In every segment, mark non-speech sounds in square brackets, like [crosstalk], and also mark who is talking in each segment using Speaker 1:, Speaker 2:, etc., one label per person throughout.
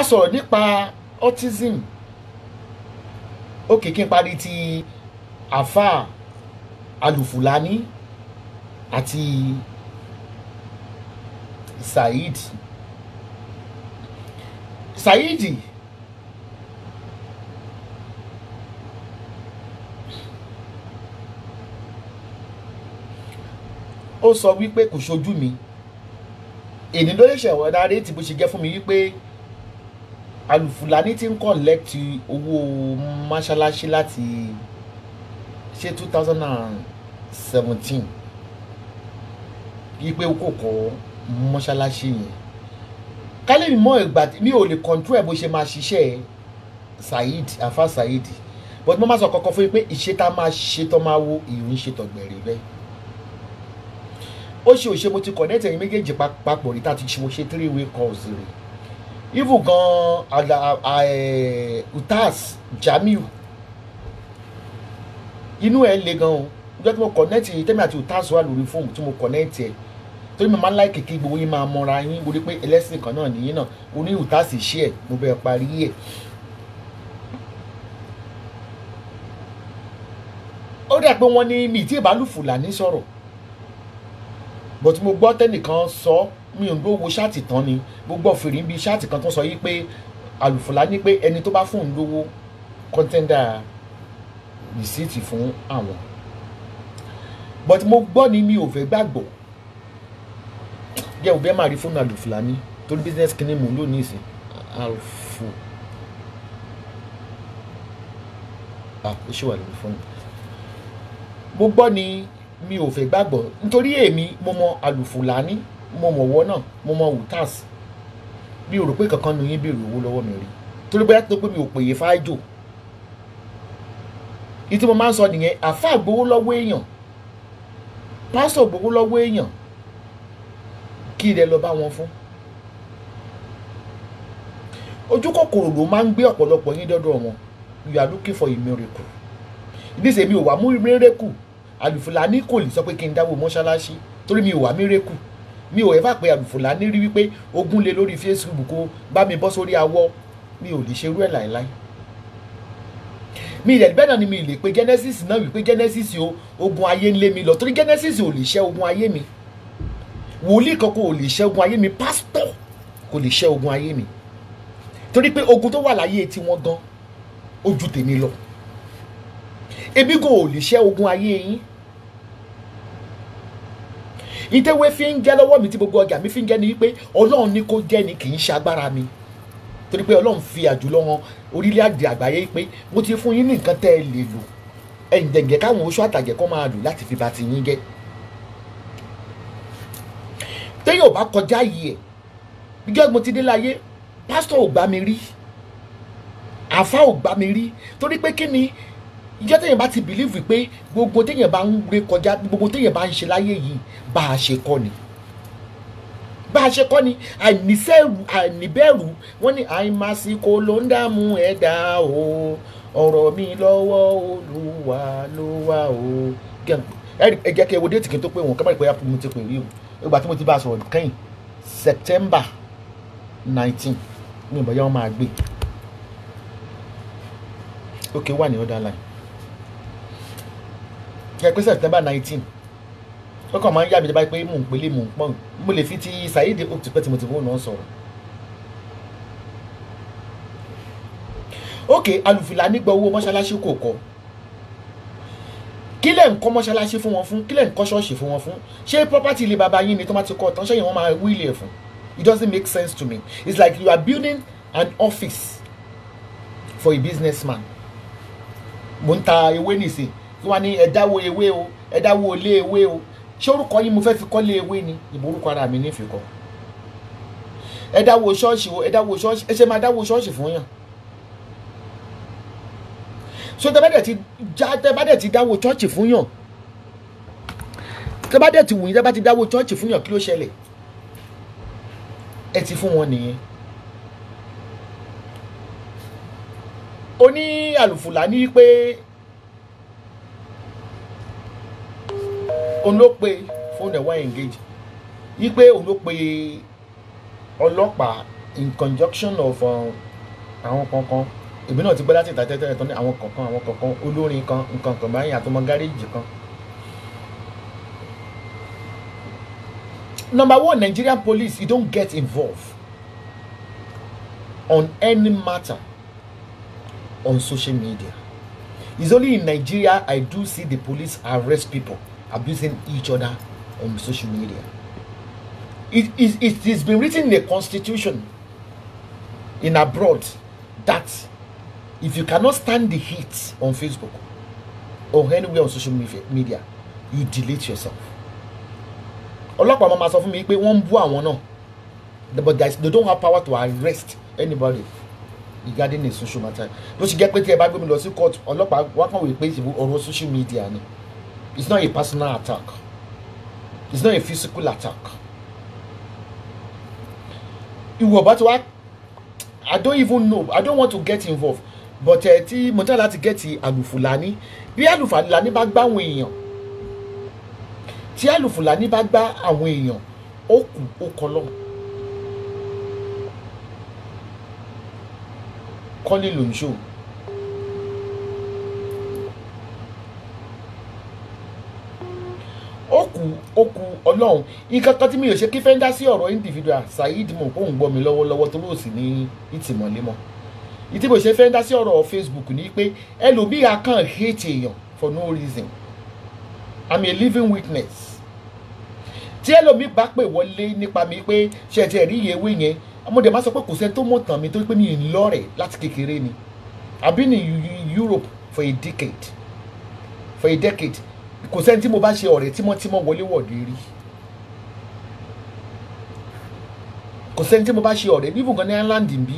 Speaker 1: a sọ̀rọ̀ nípa autism òkè kí n parí ti àfà alùfùlání àti saheed saheed ó sọ wípé kò ṣojú mi èdè ló lè ṣẹ̀wọ̀n dáadé tí bó ṣe jẹ́ fún mi wípé alùfùlàní ti ń collect owó mọ́ṣáláṣí láti ṣe two thousand and seventeen yí pé kò kọ́ mọ́ṣáláṣí yẹn kálẹ̀ mi mọ ìgbà mi ò lè control ẹ̀ bó ṣe máa ṣiṣẹ́ Saheed afa Saheed but mo máa sọ kọ́kọ́ fún yín pé ìṣe tá a máa ṣe tó máa wo ìrìn ṣe tọ̀gbẹ̀rẹ̀ rẹ̀ ó ṣe òṣè mo ti connect ẹ̀yin méjèèjì papọ̀ rí tá a ti ṣe mo ṣe three way calls rẹ̀ ivu gan e, utaz jamiu inú ẹ̀ le gan o níjọ́ tí mo connect yìí tẹ́mi àti utaz wà lórí fóònù tí mo connect yẹ torí mo máa ń láì kékeré gbowó yín máa mọra yín mo rí pé ẹlẹ́sìn kan náà nìyí náà oní utaz ṣí ẹ̀ mo bẹ̀ parí ẹ̀. ó dà pé wọ́n ní mi tí ìbálò fùlàní sọ̀rọ̀ but mo gbọ́ tẹ́nìkan sọ so, mi ò ń lówó ṣáàtì tán ni gbogbo ọ̀fìrì ń bi ṣáàtì kan tó sọ yìí pé àlùfòlá ní pé ẹni tó bá fún un lówó kọ́ńtẹ́ndà rìsíìtì fún àwọn but mo gbọ́ ni mi ò fẹ́ gbàgbọ́ jẹ́ òbí ẹ̀ máa rí fóònù àlùfòlání torí business kìíní mò ń lò ní ìsìn àlùfò ah, ó ṣì lórí fóònù mo gbọ́ ni mi ò fẹ́ gbàgbọ́ nítorí èmi mo mọ àlùfòlání mo mọ̀ wọ́ náà mo mọ̀ wùtàs mi ò rò pé kankan nu yín béèrè owó lọ́wọ́ mi rí torí bóyá tó pé mi ò pèyè fáájò ìtí mo máa ń sọ nìyẹn àfáà gbowó lọ́wọ́ èèyàn pásítọ̀ gbowó lọ́wọ́ èèyàn kí ilẹ̀ lọ bá wọn fún ojú kòkòrò ló máa ń gbé ọ̀pọ̀lọpọ̀ yín dọ́dọ̀ wọn you are looking for a miracle níṣẹ́ mi ò wá mú miracle àlùfùlà ní kò lè sọ pé kí n dáwọ́ mọ́ṣáláṣí torí mi ò wá miracle mi ò ẹ́fà pé àlùfòlání rí wípé ogún lé lórí Facebook kó bá mi bọ́ sórí awọ mi ò lè ṣerú ẹ̀ láéláé mi ìrẹ̀lẹ̀ bẹ́ẹ̀ náà ni mi lè pe Genesis náà wípé Genesis o ogun ayé ń lé mi lọ torí Genesis ò lè ṣẹ́ ogun ayé mi wòlíì kan kò lè ṣẹ́ ogun ayé mi pásítọ̀ kò lè ṣẹ́ ogun ayé mi torí pé ogun tó wà láyé tiwọn gan ojú tèmi lọ ebi kò lè ṣẹ́ ogun ayé yín ìtẹ̀wé fi ń jẹ́ lọ́wọ́ mi tí gbogbo ọjà mi fi ń jẹ́ ni wípé ọlọ́run ní kó jẹ́ ni kì í ṣe agbára mi torí pé ọlọ́run fi àjùlọ wọn orílẹ̀-èdè àgbáyé pé mo ti fún yín ní nǹkan tẹ́ ẹ lè lò ẹ̀ǹdẹ̀ǹgẹ̀ káwọn oṣù àtàjẹ̀ kọ́ máa lò láti fi ba ti yín jẹ́ téèyàn ò bá kọjá yìí ẹ̀ gbígbẹ́ mo ti dé láyé pásítọ̀ ò gbá mi rí àfá ò gbá mi rí torí pé kí ni ìjọ téèyàn bá ti bìlíìfù pé gbogbo téèyàn bá ń gbé kọjá gbogbo téèyàn bá ń ṣe láyé yìí bá a ṣe kọ́ ni bá a ṣe kọ́ ni àìníṣẹ́rù àìníbẹ̀rù wọ́n ní àìmásìkò ló ń dààmú ẹ̀dá o ọ̀rọ̀ mi lọ́wọ́ Olúwa ló wà o. ẹ jẹ́ kí ẹ wo déètì kí n tó pé wọn kábàárì pé mo ti pè rí o ìgbà tí mo ti bá a sọ̀rọ̀ kẹ́yìn September nineteen mi ò bá yá wọn máa gbé. okay wà ní ọ̀dà line ẹ september nineteen ó kàn máa ń yà mí dábàá pé mò ń pélé mò ń pọ́n mo lè fi ti Saheed Hope tipẹ́ tí mo ti fóònù náà sọ̀rọ̀. ok alùfìlà nígbà owó mọ́ṣáláṣí kò kọ́ kí lẹ̀ ń kọ́ mọ́ṣáláṣí fún wọn fún kí lẹ̀ ń kọ́ ṣọ́ọ̀ṣì fún wọn fún ṣé property ilé baba yín ni tó bá ti kọ́ tán ṣẹ́yìn wọ́n máa wíìlì ẹ̀ fún it doesn't make sense to me it's like you are building an office for a businessman mo ń ta ewé nìsín kí wọ́n ní ẹ̀dáwó ewé o ẹ̀dáwó ilé ewé o ṣé orúkọ yín mo fẹ́ fi kọ́lé ewé ni ìbò orúkọ ara mi nífi kọ́ ẹ̀dáwó ṣọ́ọ̀ṣì o ẹ̀dáwó ṣọ́ọ̀ṣì ẹ ṣe máa dáwó ṣọ́ọ̀ṣì fún yàn so tẹ́ bá dẹ̀ ti já tẹ́ bá dẹ̀ ti dáwó ṣọ́ọ̀ṣì fún yàn tẹ́ bá dẹ̀ ti wù yín tẹ́ bá ti dáwó ṣọ́ọ̀ṣì fún yàn kí ló ṣẹlẹ̀ ẹ ti fún wọn nìyẹn oní àlùfùlà ní pé òun ló pe fóònù ẹ̀ wá engage wípé òun ló pe ọlọ́pàá in conjunction of um, àwọn kankan èmi náà ti gbọ́ láti ìtàtẹ́tẹ́ ẹ̀tọ́ ní àwọn kankan àwọn kankan olórin kan nǹkan kan báyìí àtọmọ gáréèjì kan. number one Nigerian police you don't get involved on any matter on social media it's only in Nigeria I do see the police arrest people abusing each other on social media. It, it, it has been written in the constitution in abroad that if you cannot stand the heat on Facebook or anywhere on social media, you delete yourself. ọlọ́pàá mama ma sọ fún mi pé wọ́n ń bú àwọn náà but they don't have power to arrest anybody regarding the social matter ló ṣe jẹ́ pé tí ẹ bá gbé mi lọ sí court ọlọ́pàá wákàwé pé ìṣèlú ọ̀rọ̀ social media ni. It's not a personal attack. It's not a physical attack. Ìwọ about ti wá I don't even know I don't want to get involved but ẹ eh, tí mo tẹ́ láti gẹ̀ẹ́tì àlùfùlání bí àlùfùlání bá gbá àwọn èèyàn tí àlùfùlání bá gbá àwọn èèyàn ó kù ó kọlọ́ kọ́lé ló ṣòwò. okùn okùn ọlọ́run nǹkan tí mi ò ṣe kí fẹ́ńdá sí ọ̀rọ̀ individual Saheed mọ̀ kó ń gbọ́ mi lọ́wọ́lọ́wọ́ tó lóò sì ní ìtìmọ̀lé ìtí mo ṣe fẹ́ńdá sí ọ̀rọ̀ Facebook ni pé ẹlòmíì a hate èèyàn for no reason I'm a living witness tí ẹlòmíì bá pè wọlé nípa mi pé ṣe ti ẹ̀rí ìyẹ̀wé yẹn mo dẹ̀ máa sọ pé kò sẹ́ni tó mọ̀ tàn mí tó pé mi ì lọ́rẹ̀ láti kékeré ni I've been in Europe for a decade for a decade kò sẹ́ni tí mo bá ṣe ọ̀rẹ́ tímọ́tímọ́ wọléwọ̀de rí kò sẹ́ni tí mo bá ṣe ọ̀rẹ́ bí ibùgán ní island ń bí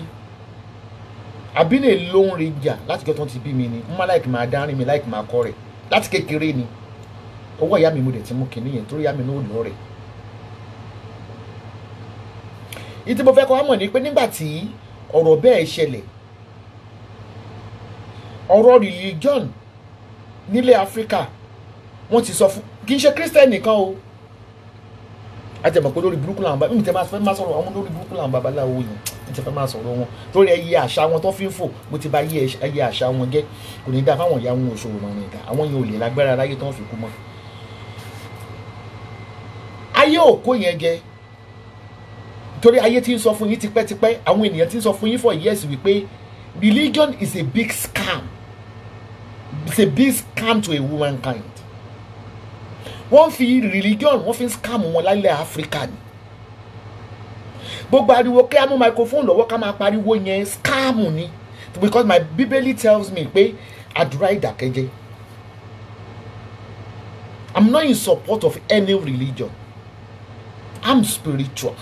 Speaker 1: àbínú èlò ń re jà láti kí ọtún ti bí mi ni mo máa láìkì máa dárin mi láìkì máa kọ́ rẹ̀ láti kékeré ni owó ìyá mi mo dẹ̀ ti mú kinní yẹn torí ìyá mi ní òòlù rẹ̀ ìtí mo fẹ́ kọ́ àmọ̀ ni pé nígbà tí ọ̀rọ̀ bẹ́ẹ̀ ṣẹlẹ̀ ọ̀rọ̀ religion nílẹ̀ Áfíríkà wọ́n ti sọ fún kì í ṣe Christian nìkan o àjẹmọ̀ pé lórí burúkú làwọn bàbá mi tẹ máa fẹ́ máa sọ̀rọ̀ àwọn lórí burúkú làwọn babaláwo yìí mi tẹ fẹ́ máa sọ̀rọ̀ wọn torí ẹyẹ àṣà wọn tó fi ń fò bó ti ba ẹyẹ àṣà wọn jẹ́ kò ní dáa fáwọn ìyá wọn òṣòro náà ní ìdá àwọn yẹn ò lè lágbára láyé tó ń fi kú mọ́. ayé òkú yẹn jẹ torí ayé ti ń sọ fún yín tipẹ́tipẹ́ àwọn ènìyàn ti ń sọ fún yín for years wípé religion is a big scam it's a big scam to a womankind wọ́n fi religion wọ́n fi ń scam wọn lálẹ́ áfíríkà ni gbogbo ariwo kí a mú microphone lọ́wọ́ ká máa pariwo yẹn scam ni because my bíbélì tells me pé àdúrà ìdákẹ́jẹ́ I'm not in support of any religion I'm spiritual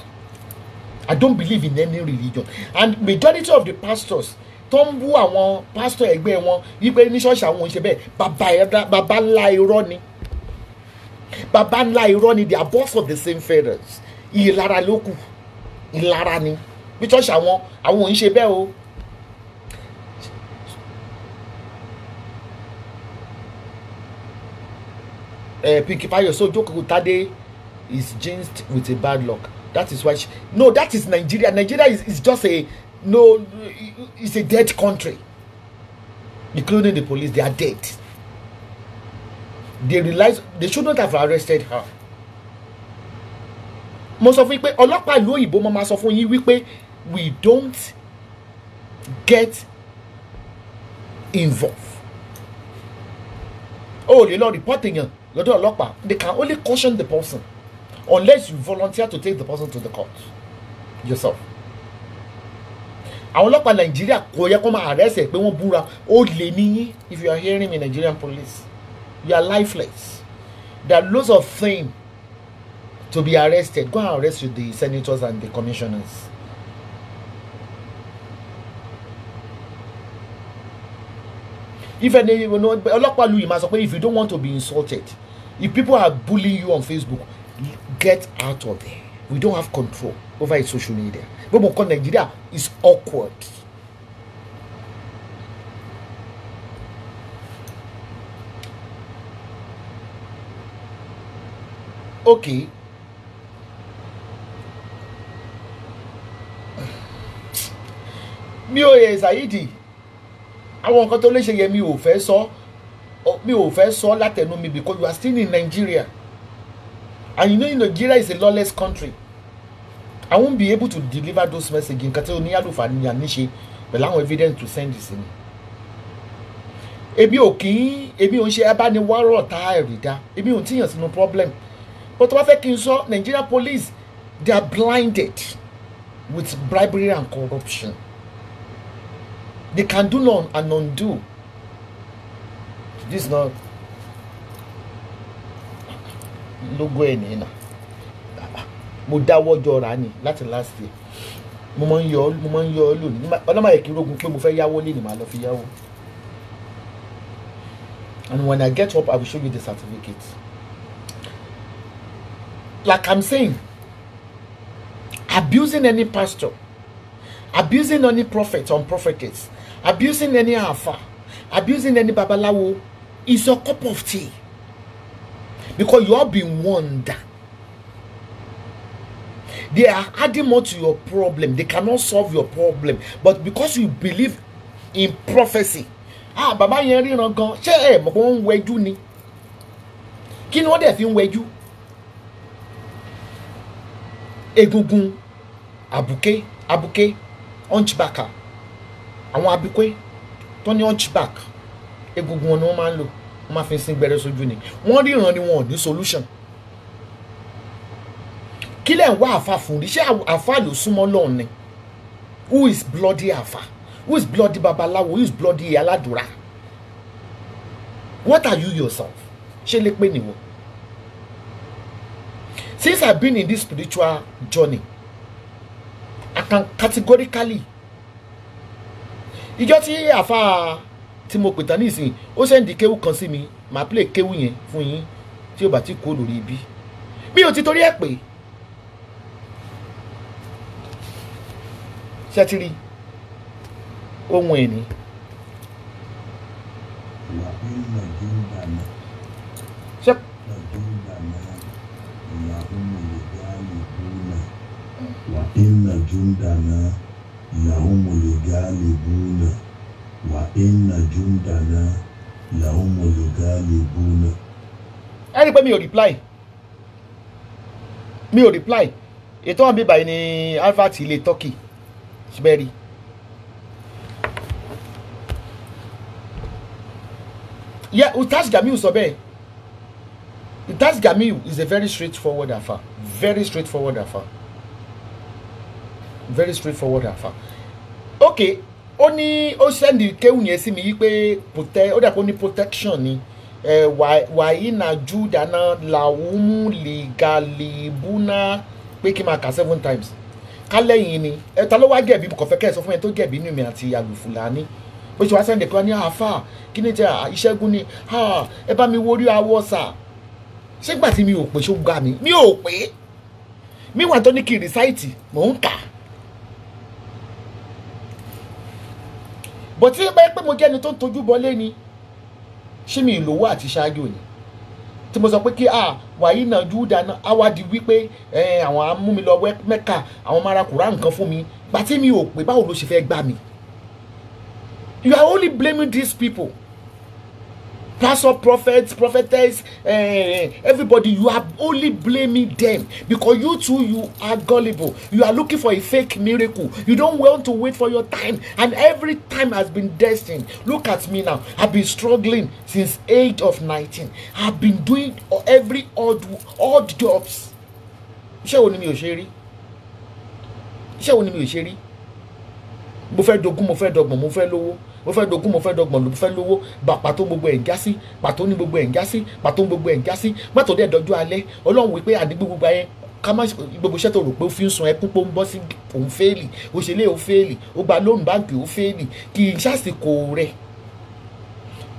Speaker 1: I don't believe in any religion and majority of the pastors tó ń bú àwọn pastor ẹgbẹ́ wọn wípé ní ṣọ́ọ̀ṣì àwọn ò ń ṣe bẹ́ẹ̀ bàbá ńlá irọ́ ni bàbá ńlá irọ́ ni they are both of the same feathers ìlara ló kù ìlara ni bí church àwọn àwọn òun ṣe bẹ́ẹ̀ o. Uh, eh, Pinky Fayose so Joko Tade is jinxed with a bad luck that is why she no that is Nigeria Nigeria is, is just a no it's a dead country including the police they are dead they realize they should not have arrested her mo sọ fún yín pé ọlọ́pàá ìlú òyìnbó mo máa sọ fún yín wípé we don't get involved Oh o ò lè lọ report èèyàn lọ́dọ̀ ọlọ́pàá they can only caution the person unless you volunteer to take the person to the court yourself àwọn ọlọ́pàá nàìjíríà kò yẹ kó máa arrest ẹ̀ pé wọ́n búra ó lè níyín if you are hearing me Nigerian police You are lifeless. There are loads of things to be arrested. Go and arrest with the senators and the commissioners. If any you know, ọlọ́pàá lu sọ pé if you don't want to be insulted, if people are bullying you on Facebook, get out of there. We don't have control over social media. Gbogbo nǹkan Nigeria is awkward. okay mi ò yẹ Saidi àwọn nǹkan tó lè ṣe yẹ mi ò fẹ́ sọ mi ò fẹ́ sọ látẹnu mi because you are still in Nigeria and you know Nigeria is a lawless country I won't be able to deliver those messages nǹkan tí oníyàlùfà ni à ń ṣe pẹ̀lú àwọn evidence to send sí mi ebi ò kì í ebi ò ń ṣe abániwárọ̀ tá a rí dá ebi ò ń tíyàn sínú problem but tó bá fẹ́ kí n sọ Nigeria police they are blinded with bribery and corruption they can do none and undo this na logo ẹ̀ nìyẹn na mo dáwọ́ jọra ni láti last year mo máa ń yọ mo máa ń yọ ọ lónìí ọlọ́mọ yẹ rogun pé mo fẹ́ yáwó lé ni màá lọ fi yáwó and when I get up I will show you the certificate like I'm saying, abusing any pastor, abusing any prophet or prophetess, abusing any alpha, abusing any babalawo is a cup of tea. Because you have been warned. They are adding more to your problem. They cannot solve your problem. But because you believe in prophecy, ah, bàbá yẹn ríran gan, ṣé ẹ̀ mọ̀ ni? Kí ni wọ́n dẹ̀ fi ń egungun abuke, abuke, hunchbacker àwọn abuké tó ní hunchback egungun wọn ni wọ́n máa ń lò wọ́n máa fi sin gbẹ́rẹ́ sójú ni wọ́n ríran ni wọn ò ní solution kí lẹ̀ ń wá àfa fún rí ṣé àfa ló súnmọ́ lọ́hùn ni who is bloody àfa who is bloody babaláwo who is bloody aládùúrà what are you yourself ṣé lè pè nìwọ̀n since I've been in this spiritual journey I can categorically ìjọ tí àfa tí mo pè tán nísìnyí ó sẹ́ndì kéwù kan sí mi màá play kéwù yẹn fún yín tí ó bá ti kó lórí ibi mi ò ti torí ẹ̀ pé ṣẹ́tìrì ohun ẹ̀ ní. هم
Speaker 2: الغالبون وإن جندنا لهم الغالبون وإن جندنا لهم الغالبون
Speaker 1: ẹ rí i pé mi ò reply mi ò reply ètò àwọn bíbáyìí ni advert ilé turkey síbẹ̀ rí i. yẹ ustaz jamiu sọ bẹ́ẹ̀ That's Gamiu is a very straightforward affair. Very straightforward affair. Very straightforward affair. Okay, ó ní ó sẹ́ndì kéwù yẹn sí mi yí pé ó dà kó ní protection ni wàyí na júdàna làwùmù lìgàlìbùnà pé kí n máa kà seven times kálẹ̀yìn ni E ta ló wá jẹ̀bi kò fẹ́ kẹ́ ẹ sọ fún mi tó jẹ̀bi nínú mi àti àlùfùlàní bó ṣe wá sẹ́ndì kan ní àáfà kí ni jẹ́ ìṣẹ́gun ni ẹ bá mi wo orí awọ ṣégbà tí mi ò pé ṣó ga mi mi ò pé mi wà tó ní kí rìsáìtì mò ń kà bọ̀tí bẹ́ẹ̀ pé mo jẹ́ tó ń tojú bọlé ni ṣé mi ìlówó àti ṣáájú ni tí mo sọ pé kí a ah, wàyí náà júdà náà á wá di wípé àwọn á mẹ́ka àwọn máa ra nǹkan fún mi gbà tí mi ò pé báwo ló ṣe fẹ́ gbà mí you are only blaming these people pastor prophets prophetess uh, everybody you are only blaming them because you too you are gullible you are looking for a fake miracle you don't want to wait for your time and every time has been destined look at me now i've been struggling since age of 19 i've been doing every odd odd jobs iṣẹ́ wo ni mi ò ṣe rí iṣẹ́ wo ni mi ò ṣe rí mo fẹ́ dogún mo fẹ́ dọgbọ̀n mo fẹ́ lówó mo fẹ́ dogún mo fẹ́ dọgbọ̀n mo fẹ́ lówó bá pàtó gbogbo ẹ̀ ń já sí pàtó ní gbogbo ẹ̀ ń já sí pàtó gbogbo ẹ̀ ń já sí mọ́tò dẹ̀ dọjú alẹ́ ọlọ́run wípé àdígbò gbogbo ayé ká má gbogbo iṣẹ́ tó rò pé ó fi ń sun ẹkún pé ó ń bọ́ sí òun fẹ́ẹ̀lì òṣèlè ó fẹ́ẹ̀lì ó gba lóun báńkì ó fẹ́ẹ̀lì kì í ṣàsìkò rẹ̀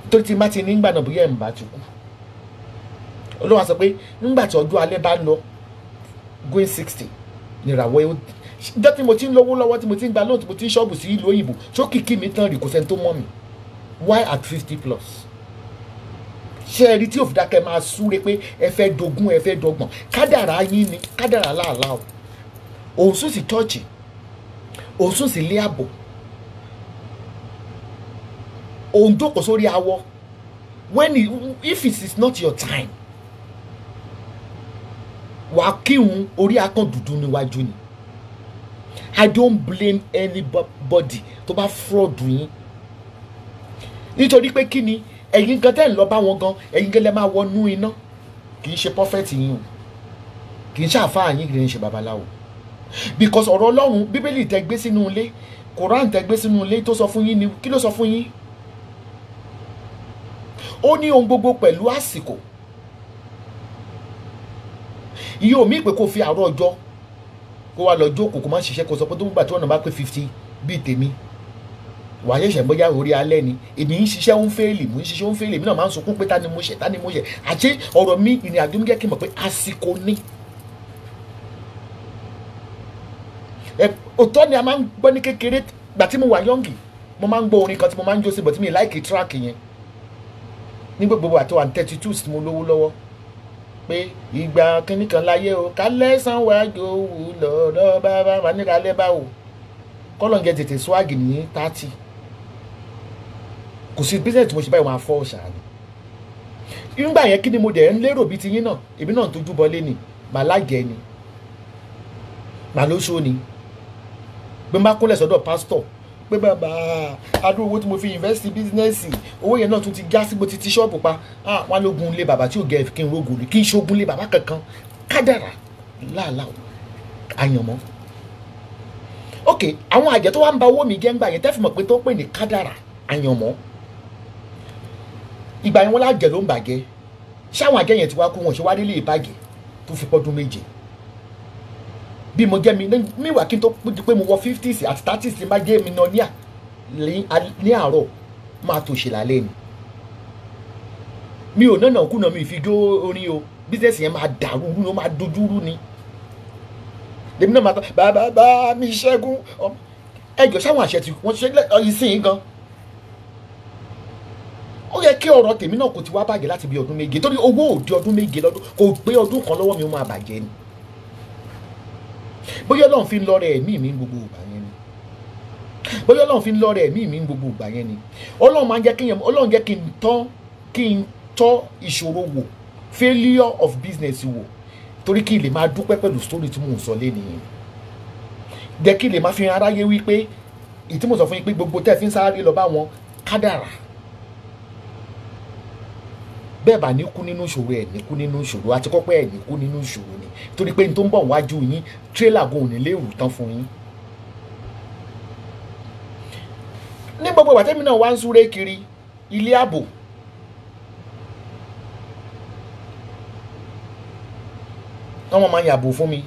Speaker 1: torí ti má ti ní gbàdàn bóyá ẹ̀ ń bá ti kú olóhùn sọ pé nígbà tí ọjọ́ alẹ́ bá lọ going sixty nìràwọ̀ jẹ́ tí mo ti ń lówó lọ́wọ́ tí mo ti ń gba lóun tí mo ti ń ṣọ́ọ̀bù sí ìlú òyìnbó tó kìkì mi tán rí kò sẹ́ni tó mọ̀ mi why at fifty plus ṣé ẹ rí tí òfin dákẹ́ máa súre pé ẹ fẹ́ dogún ẹ fẹ́ dọgbọ̀n kádàrá yín ni kádàrá làálà o òun sùn sí tọ́ọ̀chì òun sùn sí ilé ààbò òun jókòó sórí awọ when it, if it is not your time wàá kírun orí akán dúdú níwájú ni I don't blame anybody tó bá fraud yín nítorí pé kí ni ẹ̀yin gan tẹ́ ń lọ bá wọn gan ẹ̀yin gan lẹ́ máa wọnú iná kì í ṣe prophet yín o kì í ṣe àfáà yín kì í ṣe babaláwo because ọ̀rọ̀ ọlọ́run bíbélì tẹ́ gbé sínú ilé koran tẹ́ gbé sínú ilé tó sọ fún yín ni kí ló sọ fún yín ó ní ohun gbogbo pẹ̀lú àsìkò iye omi ìpè kò fi àárọ̀ ọjọ́ kó wá lọ jókòó kó má ṣiṣẹ́ kó sọ pé tó bá tí ọ̀nà bá pé fifty bíi tèmi wàá ṣẹ̀ṣẹ̀ bóyá orí alẹ́ ni èmi ń ṣiṣẹ́ ń fẹ́ẹ̀lì mo ń ṣiṣẹ́ ń fẹ́ẹ̀lì èmi náà máa ń sunkún pé ta ni mo ṣẹ̀ ta ni mo ṣẹ̀ àti ọ̀rọ̀ mi ìrìn mi jẹ́ kí n mọ̀ pé àsìkò ni. òtọ́ ni a máa ń gbọ́ ní kékeré gbà tí mo wà yọ́ǹgì mo máa ń gbọ́ orin kan tí mo máa ń jó sí bọ̀ tí mi láìkì tíráàkì yẹn ní gbogbo àti one thirty two tí mo lówó lọ́wọ́ pé ìgbà kínní kan láyé o kálẹ̀ sanwó-àjò wù lọ́dọ̀ bàbá wà ní kálẹ̀ báwo kọ́lọ́ǹgẹ̀ tètè swag ní thirty kò sí business tí mo ṣe báyìí wọn afọ ọ̀ṣà ni nígbà yẹn kí ni mo dẹ̀ ń lérò bíi tiyín náà èmi náà ń tójú bọlé ni màá lájẹ ni màá lóṣó ni bí kólẹ̀ sọ́dọ̀ pásítọ̀ pé bàbá adúrò owó tí mo fi invest bísínẹ́sì owó yẹn náà tún ti já sí bó ti ti ṣọ́ọ̀bù pa wọn lógun lé bàbá tí ò gẹ kí n rogo lè kí n ṣogun lé bàbá kankan kádàrà láàlá àyànmọ́ ok àwọn àjẹ́ tó wá ń ba owó mi jẹ́ ń gbà yẹn pé tó pè ní kádàrà àyànmọ́ ìgbà yẹn wọn lájẹ ló ń bàjẹ́ ṣáwọn àjẹ́ yẹn ti wá kó wọn ṣe wá délé ìbàjẹ́ tó fi pọ́dún méje bí mo jẹ́ mi níwà kí n tó pé mo wọ fifties àti thirties má jẹ́ mi náà ní àárọ̀ máa tó ṣe lálẹ́ ni mi ò nánà kùnà mi fi jó orin o bísíǹsì yẹn máa dàrú rú ló máa dojú rú ni lèmi náà máa tán bàbá bá mi ṣẹ́gun ẹjọ́ sáwọn àṣẹ tí wọ́n ṣe ìsìn gan ó yẹ kí ọ̀rọ̀ tèmi náà kò ti wá bàjẹ́ láti bí ọdún méje torí owó ò di ọdún méje lọ́dún kò gbé ọdún kan lọ́wọ́ mi ó máa bàjẹ́ ni bóyá Ọlọ́run fi ń lọ rẹ̀ ẹ̀mí mi gbogbo ìgbà yẹn ni bóyá Ọlọ́run fi ń lọ rẹ̀ ẹ̀mí mi gbogbo ìgbà yẹn ni Ọlọ́run máa ń jẹ́ kí yẹn Ọlọ́run jẹ́ kí n tọ́ kí n tọ́ ìṣòro wò failure of business wò torí kí n lè máa dúpẹ́ pẹ̀lú story tí mò ń sọ lẹ́nu yìí jẹ́ kí n lè máa fi hàn aráyé wípé ìtí mo sọ fún yín pé gbogbo tẹ́ fi ń sáré lọ bá wọn kádàrà bẹ́ẹ̀ bá ní kú nínú ìṣòro ẹ̀ ní kú nínú ìṣòro àti kọ́pẹ́ ẹ̀ ní kú nínú ìṣòro ni torí pé n tó ń bọ̀ wájú yín tírélà gan òní lè tán fún yín. ní gbogbo ìgbà tẹ́mi náà wá ń súré kiri ilé ààbò wọ́n máa yàbò fún mi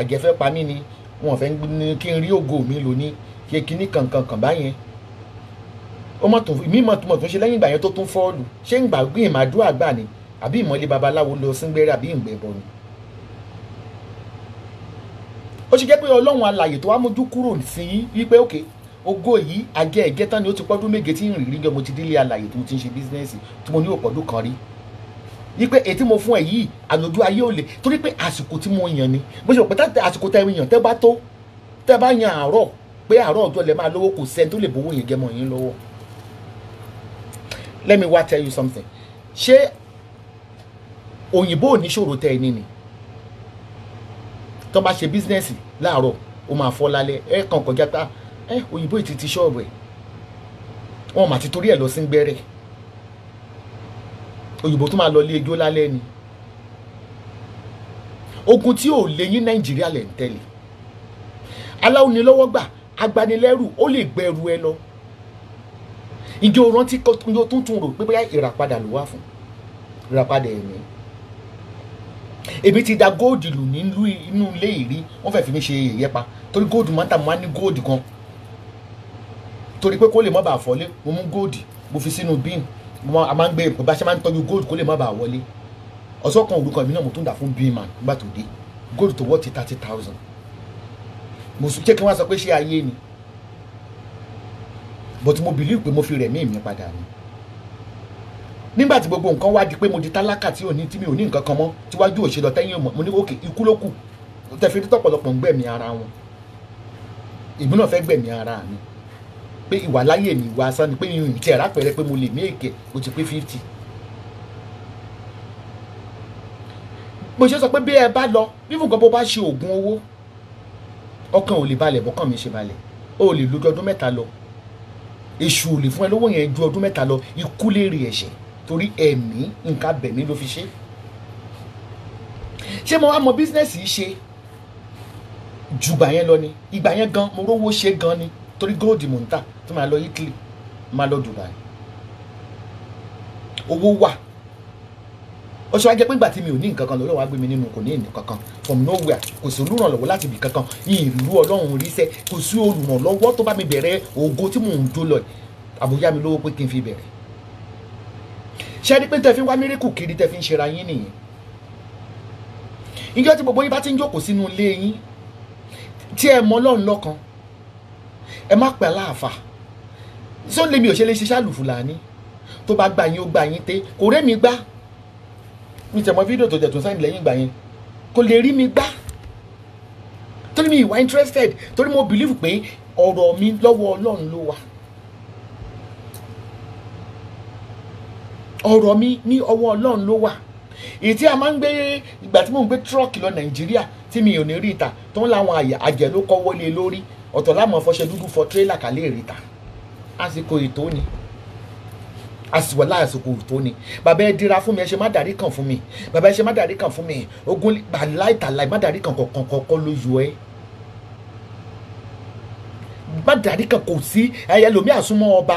Speaker 1: àjẹfẹ́ pa mí ni wọ́n fẹ́ kí n rí ògo mi lónìí kí kinní kankan kan báyẹn ó mọ̀ tó mí mọ̀ tó mọ̀ tó ṣe lẹ́yìn ìgbà yẹn tó tún fọ́ọ̀lù ṣé ń gbà gbé ìmàdúrà àgbà ni àbí ìmọ̀lẹ́ babaláwo lọ síngbẹ́rẹ́ àbí ìgbẹ́bọ ni. ó ṣe jẹ́ pé ọlọ́run alàyè tó wá mójú kúrò sí wípé òkè ògo yìí agẹ́ ẹ̀gẹ́ tán ni ó ti pọ́dún méje tí ń rìn rí jọ mo ti délé alàyè tí mo ti ń ṣe bísínẹ́sì tí mo ní òpọ̀dún kan rí wípé èyí tí mo fún ẹ yìí ànàjú ayé ò lè torí pé àsìkò tí mo yàn ni bó ṣe pé tá àsìkò tẹ yàn tẹ bá tó tẹ bá yan àárọ̀ pé àárọ̀ ọjọ́ lẹ máa lówó kò sẹ́ni tó lè bówó yẹn gẹ́mọ yín lọ́wọ́ let me wá tell you something ṣé òyìnbó oníṣòro tẹ ẹni ni tó bá ṣe bísínẹ́sì láàárọ̀ ó máa fọ́ lálẹ́ ẹ kàn kọjá pé ah, ẹ òyìnbó yìí ti ti ṣọ́ọ̀bù ẹ̀ wọn mà ti torí ẹ̀ lọ sí gbẹ́rẹ́ òyìnbó tó máa lọ lé ijó lálẹ́ ni ogun tí ò lè yín nàìjíríà lẹ̀ ń tẹ̀lé aláwọ̀ ni lọ́wọ́ gbà agbanilẹ́rù ó lè gbẹrù ẹ lọ ǹjẹ́ o rántí ló tún tún rò pé bóyá ìràpadà ló wà fún ìràpadà ẹ̀mí èmi ti da góòdì lù nínú inú ilé ìrí wọ́n fẹ́ẹ́ fi mi ṣe ìyẹpa torí góòdì máa ń tà máa ń ní góòdì gan torí pé kó lè má bàa fọ́lé mo mú góòdì mo fi sínú bíìn mo máa ń gbé bá ṣe máa ń tọ́jú góòdì kó lè má bàa wọlé ọ̀sán kan òru kan èmi náà mo tún dà fún bíìn man nígbà tó dé góòdì tó wọ́ ti thirty thousand mo sọ jẹ́ kí wọ́n sọ pé ṣé ayé ni but mo believe pé mo fi rẹ̀mí mi padà ni nígbà tí gbogbo nǹkan wá di pé mo di tálákà tí ò ní tí mi ò ní nǹkan kan mọ́ tíwájú ò ṣe lọ tẹ́yìn mọ́ mo ní òkè ikú ló kù tẹ̀fí tó tọ̀pọ̀lọpọ̀ ń gbẹ̀mí ara wọn èmi náà fẹ́ gbẹ̀mí ara mi pé ìwà láyé mi ìwà asán ni pé ìrìn tí ẹ̀rá pẹ̀rẹ́ pé mo lè mí èké o ti pé fifty. mo ṣe sọ pé bí ẹ bá lọ bí fúnkan bó bá ṣe oògùn owó ọkàn ò lè balẹ̀ bọ́kàn mi ṣe balẹ̀ o ò lè lójú ọdún mẹ́ta lọ èṣù ò lè fún ẹ lówó yẹn ju ọdún mẹ́ta lọ ikú lè rí ẹ̀ṣẹ̀ torí ẹ̀mí nǹkan bẹ̀mí ló fi ṣe ṣé mo wá mọ bísínẹ́sì ṣe ju ìgbà yẹn lọ ni ìgbà yẹn gan mo rówó ṣe gan ni torí góòdì mò ń tà tí màá lọ Italy màá lọ Dubai owó wà ó ṣe wá jẹ́ pé ìgbà tí mi ò ní nǹkan kan lọ́wọ́ wá gbé mi nínú kò ní nǹkan kan from nowhere kò sí olùrànlọ́wọ́ láti ibì kankan ìlú ọlọ́run ríṣẹ́ kò sí olùrànlọ́wọ́ tó bá mi bẹ̀rẹ̀ ògo tí mò ń jó lọ àbújá mi lówó pé kí n fi bẹ̀rẹ̀ ṣe é rí pé tẹ́ fi wá mírèkù kiri tẹ́ fi ń ṣera yín nìyẹn ìjọ tí gbogbo yín bá ti ń jókòó sínú ilé yín tí ẹ mọ ọlọ́run lọ́kan ẹ má pẹ́ aláàfà sóńlé ò ṣe lè ṣiṣẹ́ àlùfùlà ní tó bá gbà yín ó gbà yín té kò rémi gbá mi tẹ̀ mọ́ fídíò tó jẹ̀ tó sáyìn lẹ́yìn ìgbà yẹn kò lè rí mi gbá torí mi ìwà interested torí mo believe pé ọ̀rọ̀ mi lọ́wọ́ ọlọ́run ló wà ọ̀rọ̀ mi ní ọwọ́ ọlọ́run ló wà èyí tí a máa ń gbé ìgbà tí mò ń gbé tírọ́ọ̀kì lọ nàìjíríà tí mi ò ní rí ìta tó ń láwọn àjẹ́ ló kọ́ wọlé lórí ọ̀tọ̀ láwọn afọṣẹ́ dúdú fọ tírélà kà lè rí ìta àsìkò ètò ni àsìwọ̀ láàsìkò tó ni bàbá ẹ dira fún mi ẹ ṣe má darí kan fún mi bàbá ẹ ṣe má darí kan fún mi ogun láìtàláì má darí kan kọ̀ọ̀kan kọ̀ọ̀kan ló yọ ẹ́ má darí kan kò sí ẹlòmíì àsúnmọ́ ọba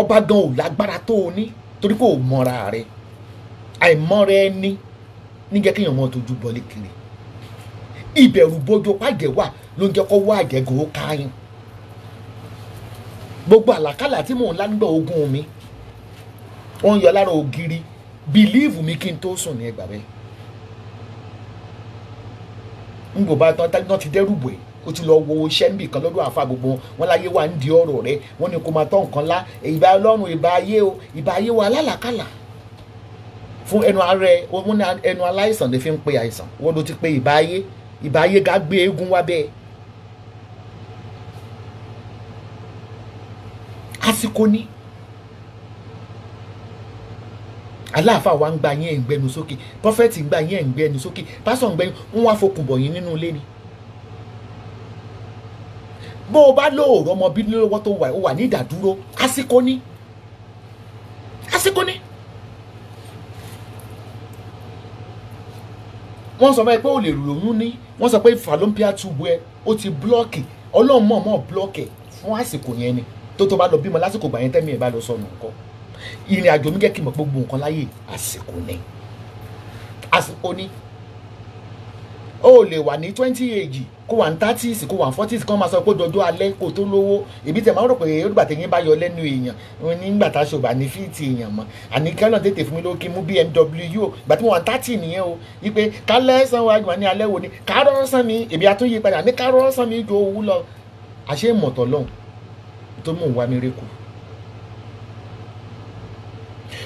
Speaker 1: ọba gan ò lágbára tó o ní torí kò mọ̀ra rẹ̀ àìmọ́ra ẹni níjẹ́ kéèyàn mọ́ tójú bọ́lé kiri ìbẹ̀rù bójú pàjẹ́ wà ló ń jẹ́ kó wá àjẹgò ó káyìn gbogbo àlàkálà tí mò ń lá ogun mi ó ń yọ lára ògiri bìlíìfù mi kí n tó sùn ní ẹgbàá bẹ́ẹ̀ ń bò bá tán tágbọ́n ti dẹ́rù bòye ó ti lọ wo iṣẹ́ níbì kan lọ́dún àfa gbogbo wọn láyé wa ń di ọ̀rọ̀ rẹ wọn ni kò máa tọ́ nǹkan lá ìbá ọlọ́run ìbá ayé o ìbá ayé wa alálàkàlà fún ẹnu ààrẹ wọn ní ẹnu aláìsàn lè fi ń pe àìsàn wọn ló ti pe ìbá ayé ìbá ayé ga gbé eégún wá bẹ́ẹ̀. àsìkò ni. aláàfáà wa ń gba yín ẹ̀ ń gbẹnu sókè prọfẹ̀tì ń gba yín ẹ̀ ń gbẹnu sókè pásọ̀ ń gbẹnu ń wá fokùn bọ̀ yín nínú ilé ni. bó o bá lóòrọ̀ ọmọ bí lówó tó wà ó wà ní ìdádúró àsìkò ni àsìkò ni. wọ́n sọ pé ó lè ròyún ní wọ́n sọ pé fallopian tube ẹ ó ti blọ́ọ̀kì ọlọ́run blọ́ọ̀kì fún àsìkò yẹn ni tó tó bá lọ bímọ lásìkò gbà yẹn tẹ́mi ẹ̀ bá lọ sọnù nǹkan ìrìn àjò mi jẹ́ kí n mọ̀ gbogbo nǹkan láyè àsìkò ni àsìkò ni o lè wà ní twenty age kó wà ní thirties kó wà ní forties kó máa sọ pé dọjọ́ alẹ́ kó tó lówó èbí tẹ̀ máa rò pé olùgbà tẹ̀yìn bá yọ lẹ́nu èèyàn nígbà tá a ṣe òbá ní fíìtì èèyàn mọ́ àní kẹ́lọ́ tètè fún mi ló kí n mú BMW ìgbà tí mo wà ní thirty nìyẹn o wípé kálẹ̀ san wa jùmọ̀ ní alẹ́ wo ni kárọ́ san mi èmi àtúnyí padà ní kárọ́ san mi ju owó lọ àṣé mọ̀tọ̀ lọ́hùn tó mò ń mi rékù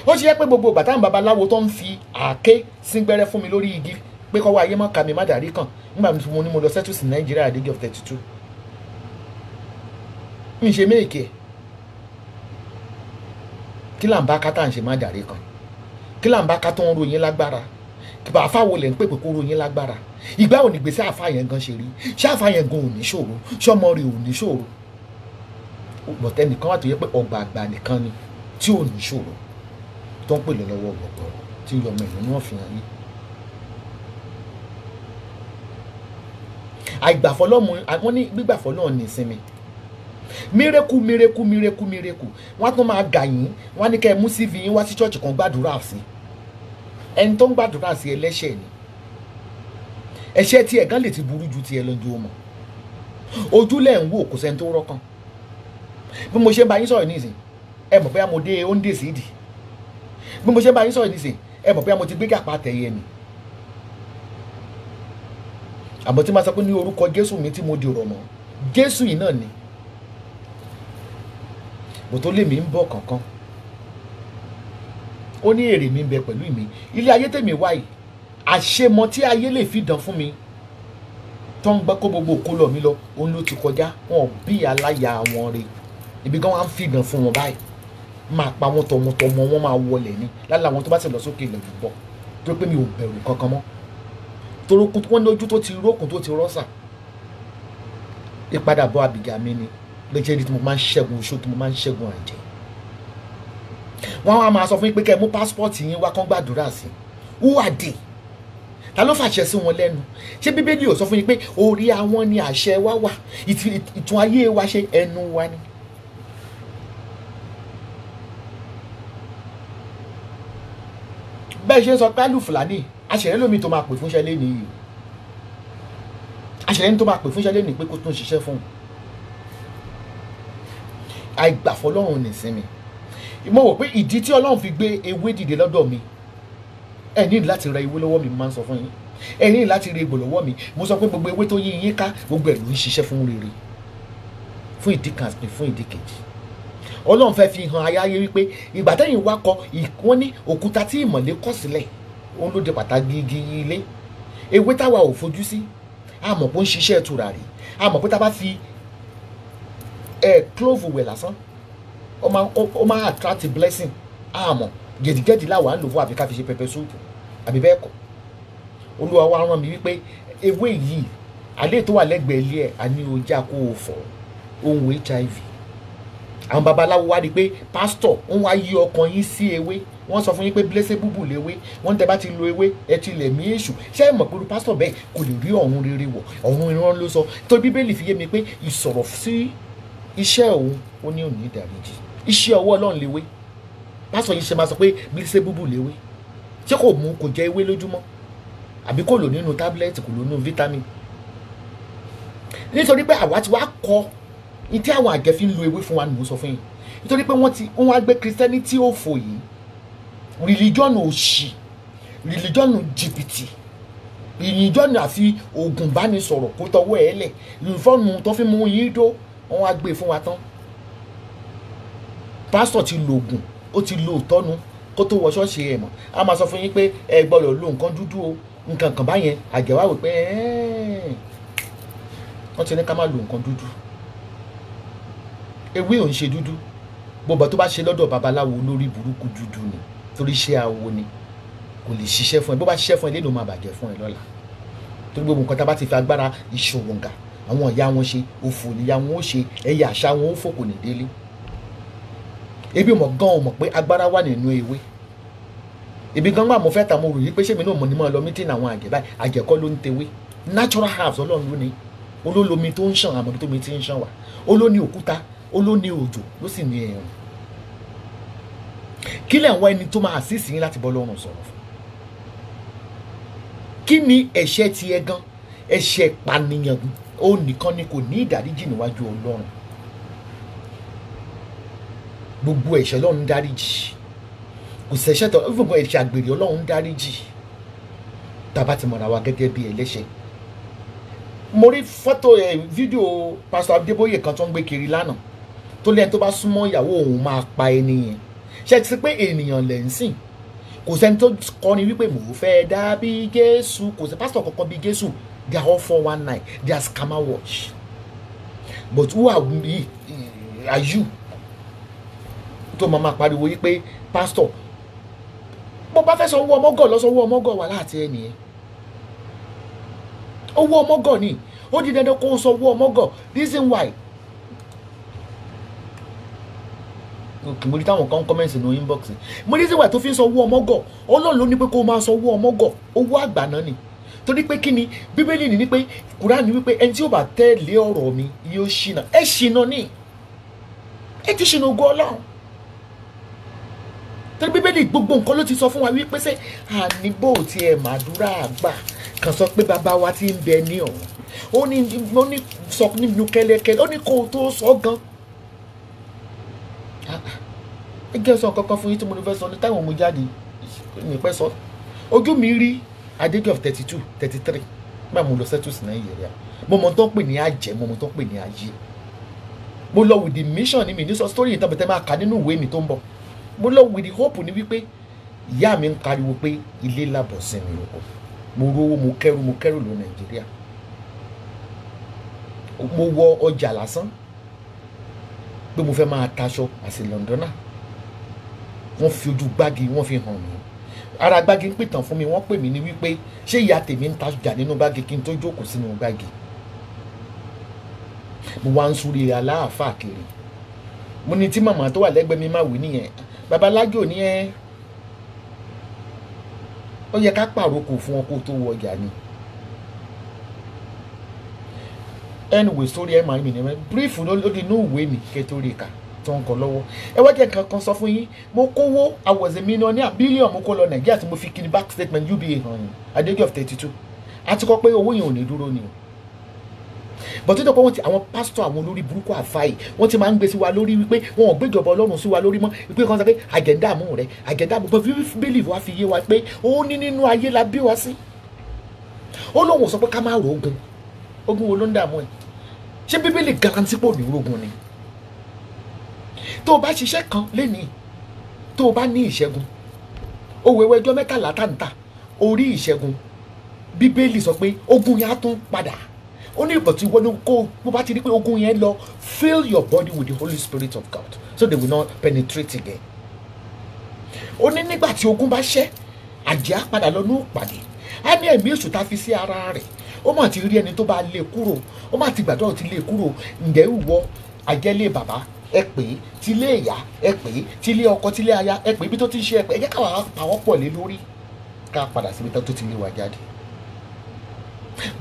Speaker 1: ó ṣe yẹ pé gbogbo ìgbà táwọn babaláwo tó ń fi àáké síngbẹ́rẹ́ fún mi lórí igi pé kọ́wọ́ ayé mọ́ kàmí má dàrí kàn nígbà tí mo ní mo lọ sẹ́tù sí nàìjíríà àdéjọ thirty two mi ṣe méèkì ẹ̀ e. kí là ń bá kátà ń ṣe má dàrí kàn kí là ń bá kátà ń ròyìn lágbára bá a fáwọn olè ń pè pé kó ròyìn lágbára ìgbà òní gbèsè àfa yẹn gan ṣe rí ṣé àfa yẹn gan ò ní ṣòro ṣọmọ rẹ̀ ò ní ṣòro bọ̀tẹ́nìkan wà tó yẹ pé ọgbà àgbà nìkan ni tí ò ní ṣòro tó ń pèlè lọ́wọ́ gbọ̀gbọ̀ tí ọmọ ìlú náà fi hàn yìí. àìgbàfọ́lọ́mù wọ́n ní gbígbàfọ́lọ́ ní ìsinmi mireku mireku mireku mireku wọ́n á tún máa gà yín wọ́n á ní kẹ́ ẹ mú CV yín wá sí ṣọ́ọ̀ṣì kan gbàdúrà sí ẹni tó ń gbàdúrà sí ẹlẹ́ṣẹ̀ ni ẹ̀ṣẹ̀ tiẹ̀ gan lè ti burú ju tiẹ̀ lójú ọmọ ojúlẹ̀ ń wò kò sẹ́ni tó rọ́kàn bí mo ṣe ń bá yín sọ̀rọ̀ nísìnyí ẹ mọ̀ bóyá mo dé ó ń dè sí ìdí bí mo ṣe bá yín sọ̀rọ̀ nísìn ẹ mọ̀ pé mo ti gbé gàpá tẹ̀yẹ mi àmọ́ tí máa sọ pé ní orúkọ Jésù mi tí mo di ọ̀rọ̀ mọ́ Jésù yìí náà ni mo tó lé mi ń bọ̀ kankan ó ní èrè mi ń bẹ pẹ̀lú mi ilé ayé tèmi wáyìí àṣemọ tí ayé lè fi dán fún mi tó ń gbọ́ kó gbogbo òkú lọ mi lọ òun ló ti kọjá wọn ò bí aláya wọn rè ibi gan wa ń fìdán fún wọn báyìí máa pa wọn tọmọtọmọ wọn máa wọlé ni lálẹ́ àwọn tó bá sì lọ sókè ilẹ̀ jùbọ̀ tó pé mi ò bẹ̀rù kankan mọ́ torókun wọn ní ojú tó ti rókun tó ti rọ́sà ìpadàbọ̀ àbìgà mi ni lè jẹ́ ibi tí mo máa ń ṣẹ́gun oṣù tí mo máa ń ṣẹ́gun àjẹ́ wọn á máa sọ fún yín pé kẹ́ ẹ mú pásítọ̀tì yín wá kán gbàdúrà sí wúwà dé ta ló fàṣẹ sí wọn lẹ́nu ṣé bíbélì ò sọ fún yín pé orí àwọn ni àṣẹ wa wà ìtún ayé wa ṣe ẹnu wa ni. bẹ́ẹ̀ ṣe ń sọ pé àlù fúlàní àṣẹrẹ́ lómi tó máa pè fúnṣẹ́ lé nìyí àṣẹrẹ́ tó máa pè fúnṣẹ́ lé nìyí pé kó tún ṣiṣẹ́ fún un àìgbàfọ́ lọ́rùn nìsinmi mo wò pé ìdí tí ọlọ́run fi gbé ewé dìde lọ́dọ̀ mi ẹ ní láti ra ewé lọ́wọ́ mi mo máa ń sọ fún yín ẹ ní láti ra egbò lọ́wọ́ mi mo sọ pé gbogbo ewé tó yí yín ká gbogbo ẹ̀ ló ń ṣiṣẹ́ fún rere fún ìdí kan àti fún ìdí kejì ọlọ́run fẹ́ fi hàn ayáyé wípé ìgbà tẹ́yìn wá kọ wọ́n ní òkúta tí ìmọ̀lé kọ̀ sílẹ̀ òun ló di pàtàkì igi ilé ewé táwa ò fojú sí àmọ̀ pé ó ń ṣiṣẹ́ tùràrí àmọ̀ pé tá fi ẹ̀ clove wẹ̀ lásán ó máa ó máa attract blessing àmọ̀ gẹ̀dìgẹ̀dì làwọn á lò fún àfi ká fi ṣe pẹpẹ súùpù àbí bẹ́ẹ̀ kọ́ olúwa wa rán mi wípé ewé yìí alẹ́ tó wà lẹ́gbẹ̀ẹ́ ilé ẹ̀ àní ojá kó fọ̀ ohun hiv àwọn babaláwo wá di pé pásítọ̀ ń wá yí ọkàn yín sí ewé wọ́n sọ fún yín pé blessed búbù léwé wọ́n tẹ́ bá ti lo ewé ẹ ti lẹ̀ mí èṣù ṣé ẹ mọ̀ pé irú pásítọ̀ bẹ́ẹ̀ kò lè rí ọ̀run rere wọ̀ ọ̀run ìran ló sọ tó bíbélì fi yé mi pé ìsọ̀rọ̀ sí iṣẹ́ òun ó ní òní ìdáríjì iṣẹ́ ọwọ́ ọlọ́run léwé pásítọ̀ yìí ṣe máa sọ pé blessed búbù léwé ṣé kò mú kò jẹ ewé lójúmọ́ àbí kò lò nínú tábìlẹ̀tì kò lò nínú vitamin nítorí pé àwa ti wá kọ́ ìdí àwọn àgẹ́ fi ń lo ewé fún wa nù sọ fún yín nítorí pé wọ́n ti wọ́n wá gbé christianity òfò yìí rìlíjọ́nù òṣì rìlíjọ́nù jìbìtì rìlíjọ́nù àfi oògùn bánisọ̀rọ̀ kó tọwọ́ ẹ̀ lẹ̀ nfọ́nù tó fi mú yín dó wọ́n wá gbé e fún wa tán pásítọ̀ ti lo oògùn ó ti lo ìtọ́nu kó tó wọ ṣọ́ọ̀ṣì ẹ̀ mọ́ a máa sọ fún yín pé ẹ gbọ́dọ̀ lo nǹkan dúdú o nǹkan kan báyẹn àgẹ̀wá wò pé wọ́n ti ní ká má lo nǹkan dúdú ewé ò ń ṣe dúdú bọ̀bọ̀ tó bá ṣe lọ́dọ̀ babaláwo olórí burúkú dúdú ni torí iṣẹ́ awo ni kò lè ṣiṣẹ́ fún ẹ bó bá ṣiṣẹ́ fún ẹ lẹ́nu máa bàjẹ́ fún ẹ lọ́la torí gbogbo nǹkan tá a bá ti fi agbára ìṣòwò ǹgà àwọn ìyá wọn ṣe òfò níyà wọn ó ṣe ẹyẹ àṣà wọn ó fòkò ní délé ebi mọ̀ gan ò mọ̀ pé agbára wà nínú ewé ebi gan gbà mo fẹ́ ta mo rò yí pé sẹ́mi náà mo ní mọ́ lọ mítìn àwọn àjẹ́ báyìí àjẹ́ kọ́ ló ń tewé natural herbs ọlọ́run ló ní olólomi tó ń ṣàn àmọ́ tó mi ti ń ṣàn wá olóní òkúta ó ló ní òjò ló sì ní ẹ̀rùn kí lẹ̀ ń wá ẹni tó máa àṣìṣe yín láti bọ́ lọ́rùn sọ̀rọ̀ fún kí ni ẹ̀ṣẹ̀ ti ẹ gan ẹ̀ṣẹ̀ pànìyàn ó nìkan ni kò ní ìdáríjì níwájú ọlọ́run gbogbo ẹ̀ṣẹ̀ lọ́run dáríjì kò sẹ́ṣẹ̀ tó gbogbo ẹ̀ṣẹ̀ àgbèrè ọlọ́run dáríjì tá a bá ti mọ̀ra wa gẹ́gẹ́ bí ẹlẹ́ṣẹ̀ mo rí fọ́tò ẹ̀ eh, fídíò pásítọ̀ Adébóyè kan tó ń gbé kiri lánàá tó lẹ́yìn tó bá súnmọ́ ìyàwó òun máa pa ẹni yẹn ṣe ti pé ènìyàn lẹ̀ ń sìn kò sẹ́ni tó kọ́ni wípé mò ń fẹ́ dá bí Jésù kò sí pásítọ̀ kankan bí Jésù they are all four one nine they are scammer watch but who are we are you tó máa máa pariwo yí pé pásítọ̀ bó bá fẹ́ sanwó ọmọ́gọ̀ lọ sanwó ọmọ́gọ̀ wà láti ẹni ẹ̀ owó ọmọ́gọ̀ ni ó di dandan kó sanwó ọmọ́gọ̀ reason why mo rí táwọn kan comment nínú inbox mo rí síwà tó fi ń sanwó ọmọgọ̀ ọlọ́run ló ní pé kó o máa sanwó ọmọgọ̀ owó àgbà náà ni torí pé kí ni bíbélì ní wípé kùránì wípé ẹni tí ó bá tẹ̀lé ọ̀rọ̀ mi yóò ṣìnà ẹ ṣìnà ni ẹ ti ṣìnà ògo ọlọ́run torí bíbélì gbogbo nǹkan ló ti sọ fún wa wípé ṣé àníbò tí ẹ màdúrà àgbà kan sọ pé bàbá wa ti ń bẹ ní ọ̀run ó ní sọ nínú kẹlẹkẹlẹ ó ní kó o tó sọ gan-an ẹ jẹ́ sọ kankan fún yín tí mo fẹ́ sọ ní táwọn ọmọ jáde mi pẹ́ sọ ojú mi rí adége of thirty two thirty three nígbà mo lọ settle sí nàìjíríà mo mọ̀ tó ń pè ní àjẹ́ mo mọ̀ tó ń pè ní ayé mo lọ with the mission ni mi ní sọ story ìtàn bẹ̀tẹ̀ máa kà nínú ìwé mi tó ń bọ̀ mo lọ with the hope ni wípé ìyá mi ń kariwo pé ilé làbọ̀ sí mi o mo rówó mo kẹ́rù mo kẹ́rù lọ nàìjíríà mo wọ ọjà lásán pé mo fẹ́ máa taṣọ àti lọ́ndọ́nà wọ́n fi ojú gbági wọ́n fi hàn mí ara gbági ń pìtàn fún mi wọ́n pè mí ní wípé ṣé ìyá tèmi ń tajà nínú gbági kí n tó jókòó sínú gbági mo wá ń súre aláàfáà kiri mo ní tí màmá tó wà lẹ́gbẹ̀ẹ́ mi máa wí nìyẹn babalájò ní ẹ́ ó yẹ ká pàrokò fún ọ kó tó wọjà ni. anyway sórí ẹ̀ máa ń yìn ẹ̀ bírífù ló di inú ìwé mi kẹ́ tó rí i kà tó ń kọ lọ́wọ́ ẹ wá jẹ́ nǹkan kan sọ fún yín mo kówó I was a millionaire bílíọ̀nù mo kó lọ nàìjíríà tí mo fi kiri back statement UBA hàn yín adéjọ́ of thirty two àti kọ́ pé owó yẹn ò ní dúró ni o bọ̀tí tó pé wọ́n ti àwọn pásítọ̀ àwọn olórí burúkú àfáì wọ́n ti máa ń gbé sí wa lórí wípé wọn ò gbéjọba ọlọ́run sí wa lórí mọ́ wípé kan sọ pé àjẹ̀dààmú rẹ̀ àjẹ̀dààmú pé bílíìfù wa fi yé wa pé ó ní nínú ayé la bí wa sí ó lóun sọ pé ká má ro ogun ogun wo ló ń dààmú ẹ̀ ṣé bíbélì garanti pò ní rogun ni tó o bá ṣiṣẹ́ kan lénìí tó o bá ní ìṣẹ́gun o wẹ̀wẹ̀ ọjọ́ mẹ́tàlá tàǹtà orí ìṣẹ́gun bíbélì sọ pé ogun yẹn á tún padà ó ní ìpọ̀ tí wọ́n kó bó bá ti rí pé ogun yẹn lọ fill your body with the Holy Spirit of God so they will not penetrate again ó ní nígbà tí ogun bá ṣẹ́ àjẹ́ á padà lọ ní òpàdé á ní ẹ̀mí èṣù tá a fi sí ara rẹ̀ ó mà ti rí ẹni tó bá lé kúrò ó mà ti gbàdúrà ti lé kúrò ǹjẹ́ ìwọ àjẹlé bàbá ẹ pè é tilé ìyá ẹ pè é tilé ọkọ tilé aya ẹ pè é ibi tó ti ń ṣe ẹ pè é ẹ jẹ́ káwa pàwọ́ pọ̀ lé lórí ká padà síbi tó ti lé wa jáde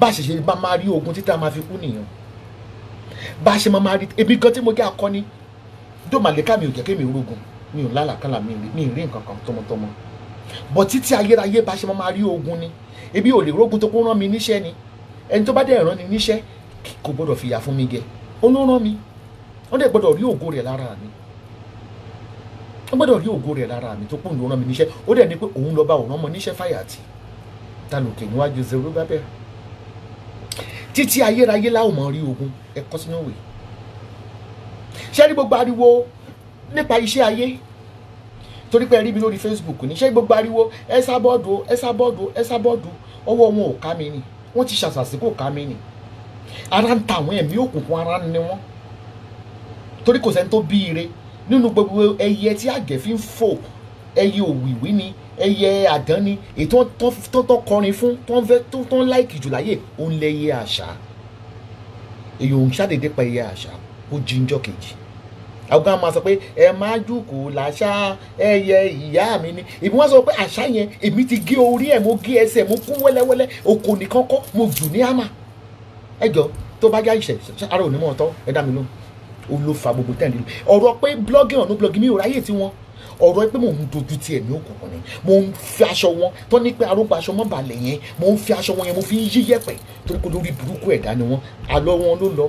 Speaker 1: bá a ṣe ṣe bá máa rí ogun títà máa fi kú nìyẹn bá a ṣe máa máa rí ebi gan tí mo jẹ́ akọni dòmàlẹ́ká mi ò jẹ́ kémi rogun mi ò lálàkàlà mi ò rí nǹkan kan tọmọtọmọ bọ̀ títí ayérayé bá a ṣe máa máa rí ogun ni ebi ò lè rogun tó kó rán mi níṣẹ́ ni ẹni tó bá dẹ̀ rán ni níṣẹ́ kò gbọ́dọ̀ fìyà fún mi gẹ olórán mi wọ́n dẹ̀ gbọ́dọ̀ rí ògo rẹ̀ lára mi wọ́n gbọ́dọ̀ rí ògo rẹ̀ lára mi tó pòun ló rán mi níṣẹ́ ó dẹ̀ ní pé òun lọ́ba òun rán mọ níṣẹ́ fàyàtì ta lòkè níwájú Zerubbabel títí ayérayé láwọn mọ̀ rí ogun ẹ kọ́ sínú ìwé ṣé rí gbogbo ariwo nípa iṣẹ́ ayé torí pé ẹ rí mi lórí Facebook ní ṣé gbogbo ariwo ẹ sábọ́ọ̀dù ẹ sábọ́ọ̀dù ẹ sábọ́ọ̀dù ọwọ́ wọn ò ká mi ni wọ́n ti ṣàṣàsìkò kámi nì ara ń ta àwọn ẹ̀mí òkùnkùn ara ń ni wọ́n torí kò sẹ́ni tó bí ire nínú gbogbo ẹyẹ tí àgẹ̀ fi ń fò ẹyẹ òwìwí ni ẹyẹ àdán ni ètò tó kọrin fún tó ń fẹ́ tó ń láìkì jù láyè ó ń lẹ́yẹ àṣà èyí ò ń ṣàdédé pa ẹyẹ àṣà ó jíjọ́ kejì àwọn kan máa sọ pé ẹ máa jùkú làṣà ẹyẹ ìyá mi ni ìbí wọ́n sọ pé àṣà yẹn èmi ti gé orí ẹ̀ mo gé ẹsẹ̀ mo kú wẹ́lẹ́wẹ́lẹ́ okò nìkan kọ́ mo jù ní àmà ẹjọ́ tó bá jẹ́ àìṣẹ̀ ara ò ní mọ̀ ẹ dá mi lóhùn ó gbogbo tẹ̀ nílùú ọ̀rọ̀ pé blogging ọ̀nà blogging mi ò ráyè tí wọ́n ọ̀rọ̀ pé mò ń dojú ti ẹ̀mí òkùnkùn ni mò ń fi aṣọ wọn tó ní pé arúgbó aṣọ mọ́ balẹ̀ yẹn mò ń fi aṣọ wọn yẹn mo fi ń yí yẹ̀pẹ̀ torí kò lórí burúkú ẹ̀dá ni wọ́n alọ́ wọn ló lọ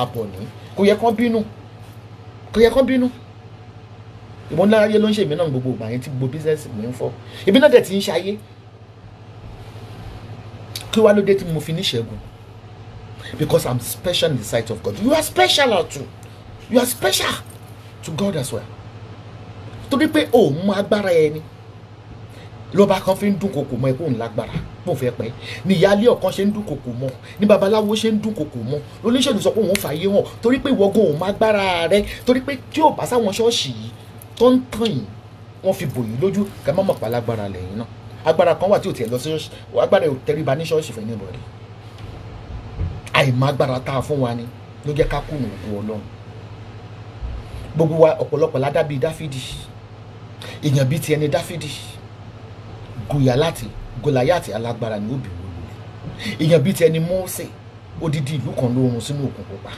Speaker 1: àbọ̀ ní kò yẹ kán bínú kò yẹ kán bínú ìwọ ńlá ayé ló ń ṣe èmi náà gbogbo ìgbà yẹn tí gbogbo bísíǹsì mi ń fọ́ èmi náà dẹ̀ ti ń ṣayé kí wá ló dé tí mo fi ní ṣẹ́gun because i'm special in the sight of God you are special too you are special to God as well torí pé òun mọ agbára ẹni. E lọ́ba kan fi ń dún kòkò mọ́ ẹ kó ń lágbára kó fẹ́ pẹ́ ní ìyáálé ọ̀kan ṣe ń dún kòkò mọ́ ní babaláwo ṣe ń dún kòkò mọ́ olóṣèlú sọ pé òun fààyè hàn torí pé ìwọ́gun òun má gbára rẹ torí pé tí ò bá sáwọn ṣọ́ọ̀ṣì yìí tó ń tàn yìí wọ́n fi bò yín lójú kẹ́ má mọ̀ pa lágbára lẹ́yìn náà agbára kan wà tí ò tiẹ̀ lọ ṣọ́ọ̀ṣì agbára ò tẹríba ní ṣọ́ọ̀ṣì fún yín lọ́rẹ́ àìmágbára tá a fún wa ni ló jẹ́ ká kùnà òkú ọlọ́run gbogbo wa ọ̀pọ̀lọpọ̀ ládàbí dáfídì gòyàláàtì gòláyàtì alágbára ni ó bì wọ́n lulẹ̀ èèyàn bíi ti ẹni Mósè odidi ìlú kan ló run sínú òkun pupa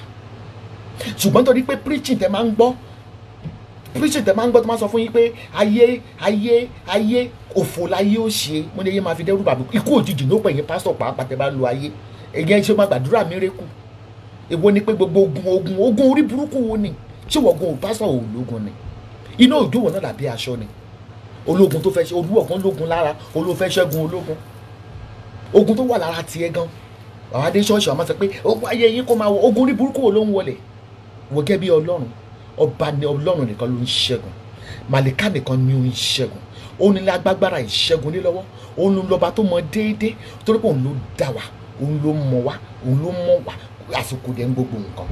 Speaker 1: ṣùgbọ́n torí pé preaching tẹ máa ń gbọ́ preaching tẹ máa ń gbọ́ tó máa sọ fún yín pé ayé ayé ayé òfò láyé ó ṣe mo ní ayé máa fi dẹ́rù bàbí ikú òjijì ló pẹ̀yìn pásítọ̀ pàápàá tẹ bá lo ayé èyí ẹ ṣe máa gbàdúrà mírèkù èwo ni pé gbogbo ogun ogun ogun orí burúkú wo ni ṣé wọ́n gun pásítọ̀ òòlù ogun ni iná òjò wọn náà dàbí aṣọ ni ológun tó fẹ́ ṣe olú ọ̀gán lógun lára olú fẹ́ ṣẹ́gun ológun ogun tó wà lára tiẹ̀ gan àwọn adé ṣọ́ọ̀ṣì àwọn sọ pé ogun ayé yín kó máa wọ ogun ní burúkú wo ló ń wọlé wò gẹ́ bí ọlọ́run ọba ni ọlọ́run nìkan ló ń ṣẹ́gun màlíkà nìkan ni ó ń ṣẹ́gun ó ní lágbágbára ìṣẹ́gun ní lọ́wọ́ òun ló lọ́ba tó mọ déédéé torí pé òun ló dá wa òun ló mọ wa òun ló mọ wa àsìkò dẹ̀ ń gbogbo nǹkan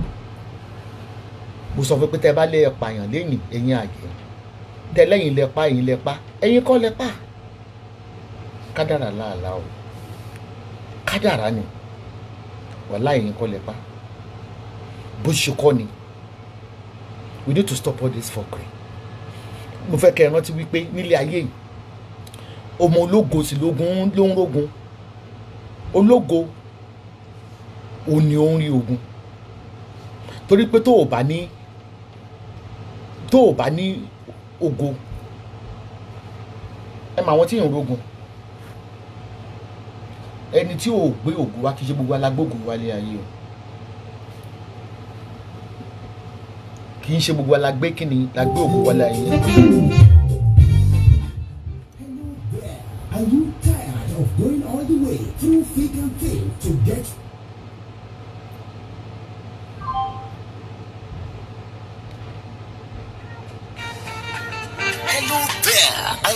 Speaker 1: mo sọ fún pé tẹ́ bá lé ẹ̀ lẹ́yìn ẹ̀yìn àgbẹ̀ tẹ́lẹ̀yìn lẹ́pa ẹ̀yìn lẹ́pa ẹ̀yìn kọ́ lẹ́pa kádàrà láàlá o kádàrà ni wàhálà ẹ̀yìn kọ́ lẹ́pa bó ṣe kọ́ ni we need to stop all this fuckery mo fẹ́ kẹ́ ẹ rántí wípé nílé ayé yìí ọmọ ológo sì lógun ló ń rógun ológo ò ní ó ogun torí pé tó o bá ní tó o bá ní ògo ẹ mọ àwọn tí yàn rogun ẹni tí ò gbé ògo wa kì ṣe gbogbo alágbógun wálé ayé o kì í ṣe gbogbo alágbé kíni lágbé ògo wálé ayé.
Speaker 2: Are you tired of going all the way through thick and thin to get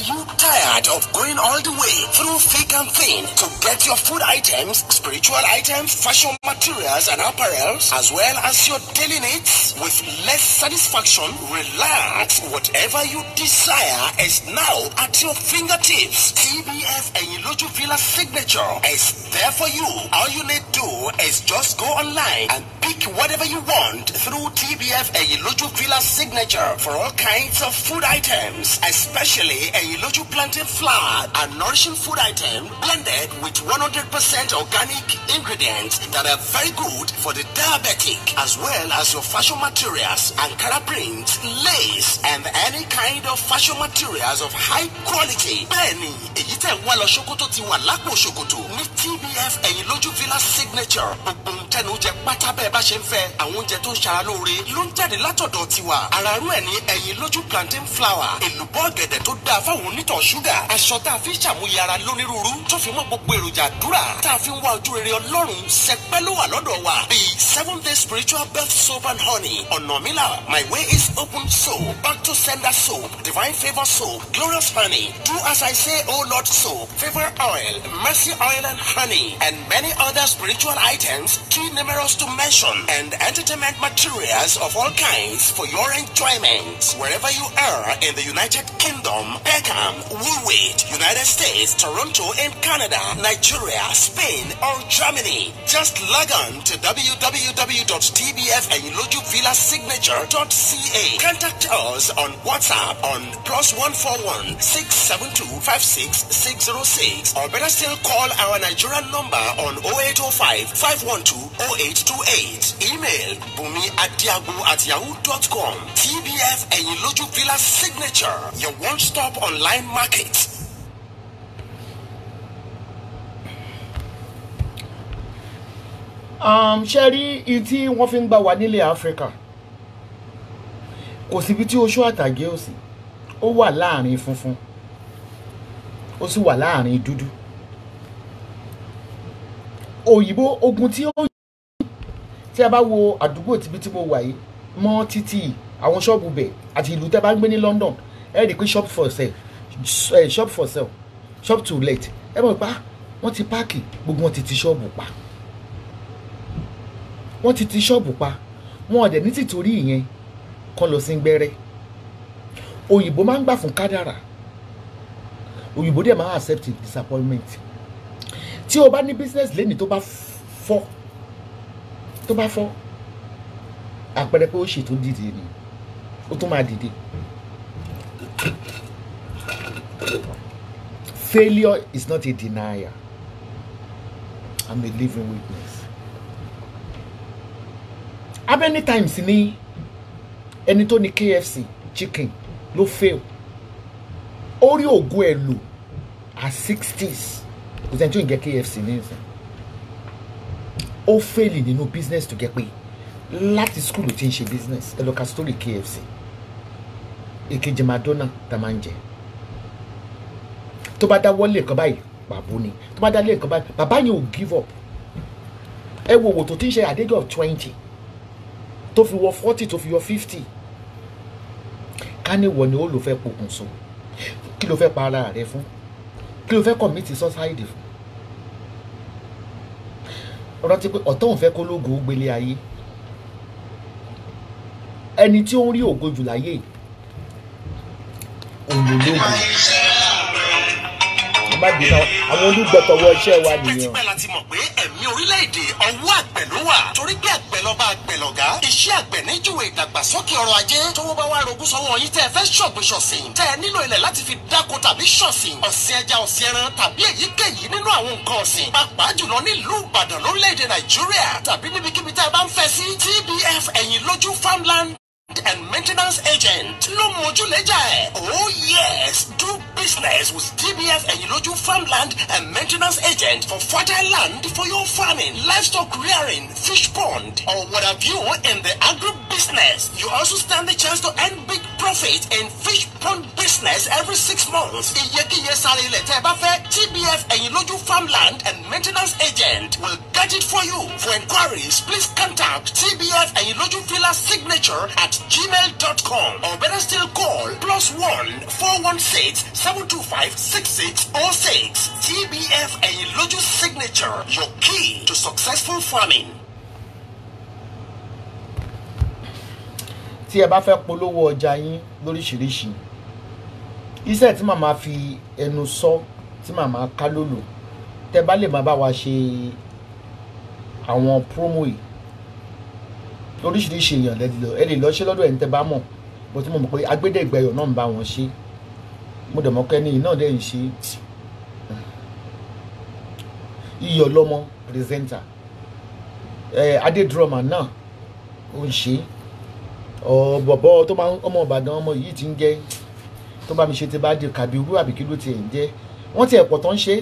Speaker 2: Are you tired of going all the way through thick and thin to get your food items, spiritual items, fashion materials and apparels, as well as your daily needs with less satisfaction? Relax. Whatever you desire is now at your fingertips. TBF and Iloju Villa signature is there for you. All you need do is just go online and pick whatever you want through TBF Eyiloju Villa Signature for all kinds of food items, especially Eyiloju planted flour, a nourishing food item blended with 100% organic ingredients that are very good for the diabetic, as well as your fashion materials, and prints, lace, and any kind of fashion materials of high quality. Benny, èyí tẹ̀ wá lọ ṣòkòtò ti wà lápò ṣòkòtò TBF Eyiloju Griller Signature signature gbọ̀ngbọ̀n tẹnu jẹ pátá bẹ́ẹ̀ bá ṣe ń fẹ́ àwọn oúnjẹ tó ń ṣara lóore ló ń jáde látọ̀dọ̀ tiwa ara rú ẹ̀ ní ẹyin lójú plantain flour èlùbọ́ ọ̀gẹ̀dẹ̀ tó dáa fáwọn onítọ̀ ṣúgà aṣọ tá a fi ń ṣàmúyẹ ara lónírúurú tó fi mọ́ gbogbo èròjà àdúrà tá a fi ń wá ojú rere ọlọ́run sẹpẹ́ ló wà lọ́dọ̀ wa bíi seven day spiritual birth soap and honey ọ̀nàmílà my way is open soap back to sender soap divine favour soap glorious honey do as I say o oh Lord soap favour oil mercy oil and honey and many other ritual items too numerous to mention, and entertainment materials of all kinds for your enjoyment. Wherever you are in the United Kingdom, Peckham, Woolwich, United States, Toronto, and Canada, Nigeria, Spain, or Germany, just log on to www.tbfenlojuvillasignature.ca. Contact us on WhatsApp on plus 141 672 or better still call our Nigerian number on 0805 five five one two oh eight two eight email bùnmi adiago at yahoo dot com tbf ẹ̀yìn villa signature your one stop online market.
Speaker 1: Um, ṣe rí ìtí wọ́n fi ń gbà wá nílẹ̀ áfíríkà kò síbi tí oṣó àtàgé ò sí ó wà láàrin funfun ó sì wà láàrin dúdú òyìnbó ogun tí ó yìí tí a bá wo àdúgbò tìbí tí mo wà yìí mọ́ títì àwọn ṣọ́ọ̀bù bẹ̀ àti ìlú tẹ́ bá ń gbé ní London ẹ rí i pé shop for sale eh, shop for sale shop to let ẹ mọ̀ pa ah, wọ́n ti páàkì gbogbo wọn ti ti ṣọ́ọ̀bù pa wọ́n ti ti ṣọ́ọ̀bù pa wọn ọ̀dẹ̀ ní tìtorí ìyẹn kan lọ sí gbẹ́rẹ́ òyìnbó máa ń gbà fún kádàrà òyìnbó dẹ̀ máa accept disappointment tí o bá ní business lẹ́nìí tó bá fọ́ tó bá fọ́ àpẹẹrẹ pé ó ṣètò dìde ni ó tún máa dìde. Failure is not a denier. I'm a living witness. How many times ni ẹni tó ní KFC chicken ló fail? Orí ògùn ẹ̀ lò at sixties kò sẹ́ni tí ò ń jẹ KFC ní ìsìn ó fẹ́ẹ̀lì nínú business tó jẹ́ pé láti school ló ti ń ṣe business ẹ lọ ka story KFC èkejì madonna tá a máa ń jẹ tó bá dá wọlé kan báyìí pàbó ni tó bá dá lé kan báyìí bàbá yẹn ò give up ẹ wo wò tó ti ń ṣe àdéjọ twenty tó fi wọ forty tó fi wọ fifty ká ní wọ ni ó lò fẹ́ pokùnso kí ló fẹ́ pa ara rẹ fún kí ló fẹ́ kọ̀mìtì sọ́sáìdì fún rántí pé ọ̀tọ̀ òun fẹ́ kó lógo gbélé ayé ẹni tí ó ń rí ògo jù láyé òun ló lógo má bínú àwọn olùgbọ̀tọ̀wọ́ iṣẹ́ wa nìyẹn. tipẹ́ la ti mọ̀
Speaker 2: pé ẹ̀mí orílẹ̀-èdè ọwọ́ àgbẹ̀ ló wà torí pé àgbẹ̀ lọ́ba àgbẹ̀ lọ̀gá iṣẹ́ àgbẹ̀ níjúwe ìdàgbàsókè ọrọ̀ ajé tówó bá wá rogún sọ́wọ́ yín tẹ́ ẹ fẹ́ ṣọ̀gbìn ṣọ̀sìn tẹ́ ẹ nílò ilẹ̀ láti fi dáko tàbí ṣọ̀sìn ọ̀sìn ẹja ọ̀sìn ẹran tàbí èyíkéyìí nínú àwọn nǹkan ọ̀sìn pàápàá jùlọ nílùú Ìbàdàn lórílẹ̀‐èdè Nàìjíríà tàbí níbikíbi tá a bá ń fẹ́ sí TBF ẹ̀yìn lójú farmland and maintenance agent ló mojú lẹ́jà ẹ̀. oh yes do business with tbf ẹ̀yìnlójú farmland and maintenance agent for fertile land for your farming livestock rearing fish pond or what have you in the agribusiness. you also stand the chance to earn big profit in fish pond business every six months. iyekíye sáré ilẹ̀ tẹ́ ẹ bá fẹ́ tbf ẹ̀yìnlójú farmland and maintenance agent will get it for you. for inquiries please contact TBS ẹ̀yìnlójú villa signature at gmail.com or better still call plus one one four six seven two five six six 725 six TBF and Lojo Signature, your key to successful farming.
Speaker 1: tí ẹ bá fẹ́ polówó ọjà yín lóríṣìíríṣìí iṣẹ́ tí màmá fi ẹnu sọ tí màmá ká lòlò tẹ bá lè má bá wa ṣe àwọn promo yìí oríṣiríṣi èèyàn ẹ lè lọ ṣe lọ́dọ̀ ẹ̀ ń tẹ́ bá mọ̀ bó ti mọ̀ pé agbẹ́dẹ̀gbẹ̀yọ̀ náà ń bá wọn ṣe mo dẹ̀ mọ́ kẹ́ni náà dẹ̀ ń ṣe iyọ̀ lọ́mọ pírẹsẹ́ńtà adédrọ́mà náà ó ń ṣe bọ̀bọ̀ tó máa ń ọmọ ìbàdàn ọmọ yìí ti ń jẹ́ tó bá mi ṣe ti bá di kàbí irú àbí kí ló ti ń jẹ́ wọ́n ti ẹ̀pọ̀ tó ń ṣe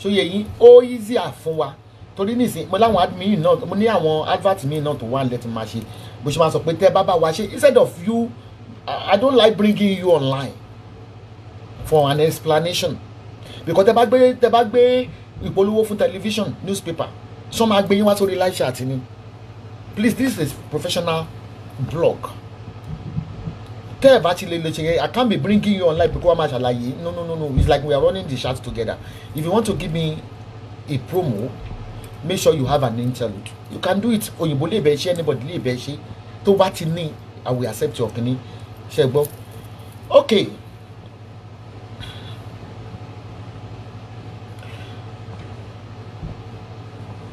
Speaker 1: sóye yín ó yí zíà fún wa torí nísìnyí mo láwọn admin náà mo ní àwọn advert mi náà tó wà nílẹ̀ tí mo máa ṣe bó ṣe máa sọ pé tẹ́ bá bá wa ṣe instead of you I don't like bringing you online for an explanation because tẹ́ bá gbé tẹ́ bá gbé ìpolówó fún television newspaper sọ ma gbé yín wá sórí live chat ni please this is professional blog tẹ́ ẹ̀ bá ti lè lè ṣe I can't be bringing you online because wọ́n máa ṣàlàyé no no no no it's like we are running the chat together if you want to give me a promo make sure you have an interlude you can do it òyìnbó lè bẹ́ẹ̀ ṣe anybody lè bẹ́ẹ̀ ṣe tó bá ti ní i will accept your kìíní ṣe gbọ́ okay.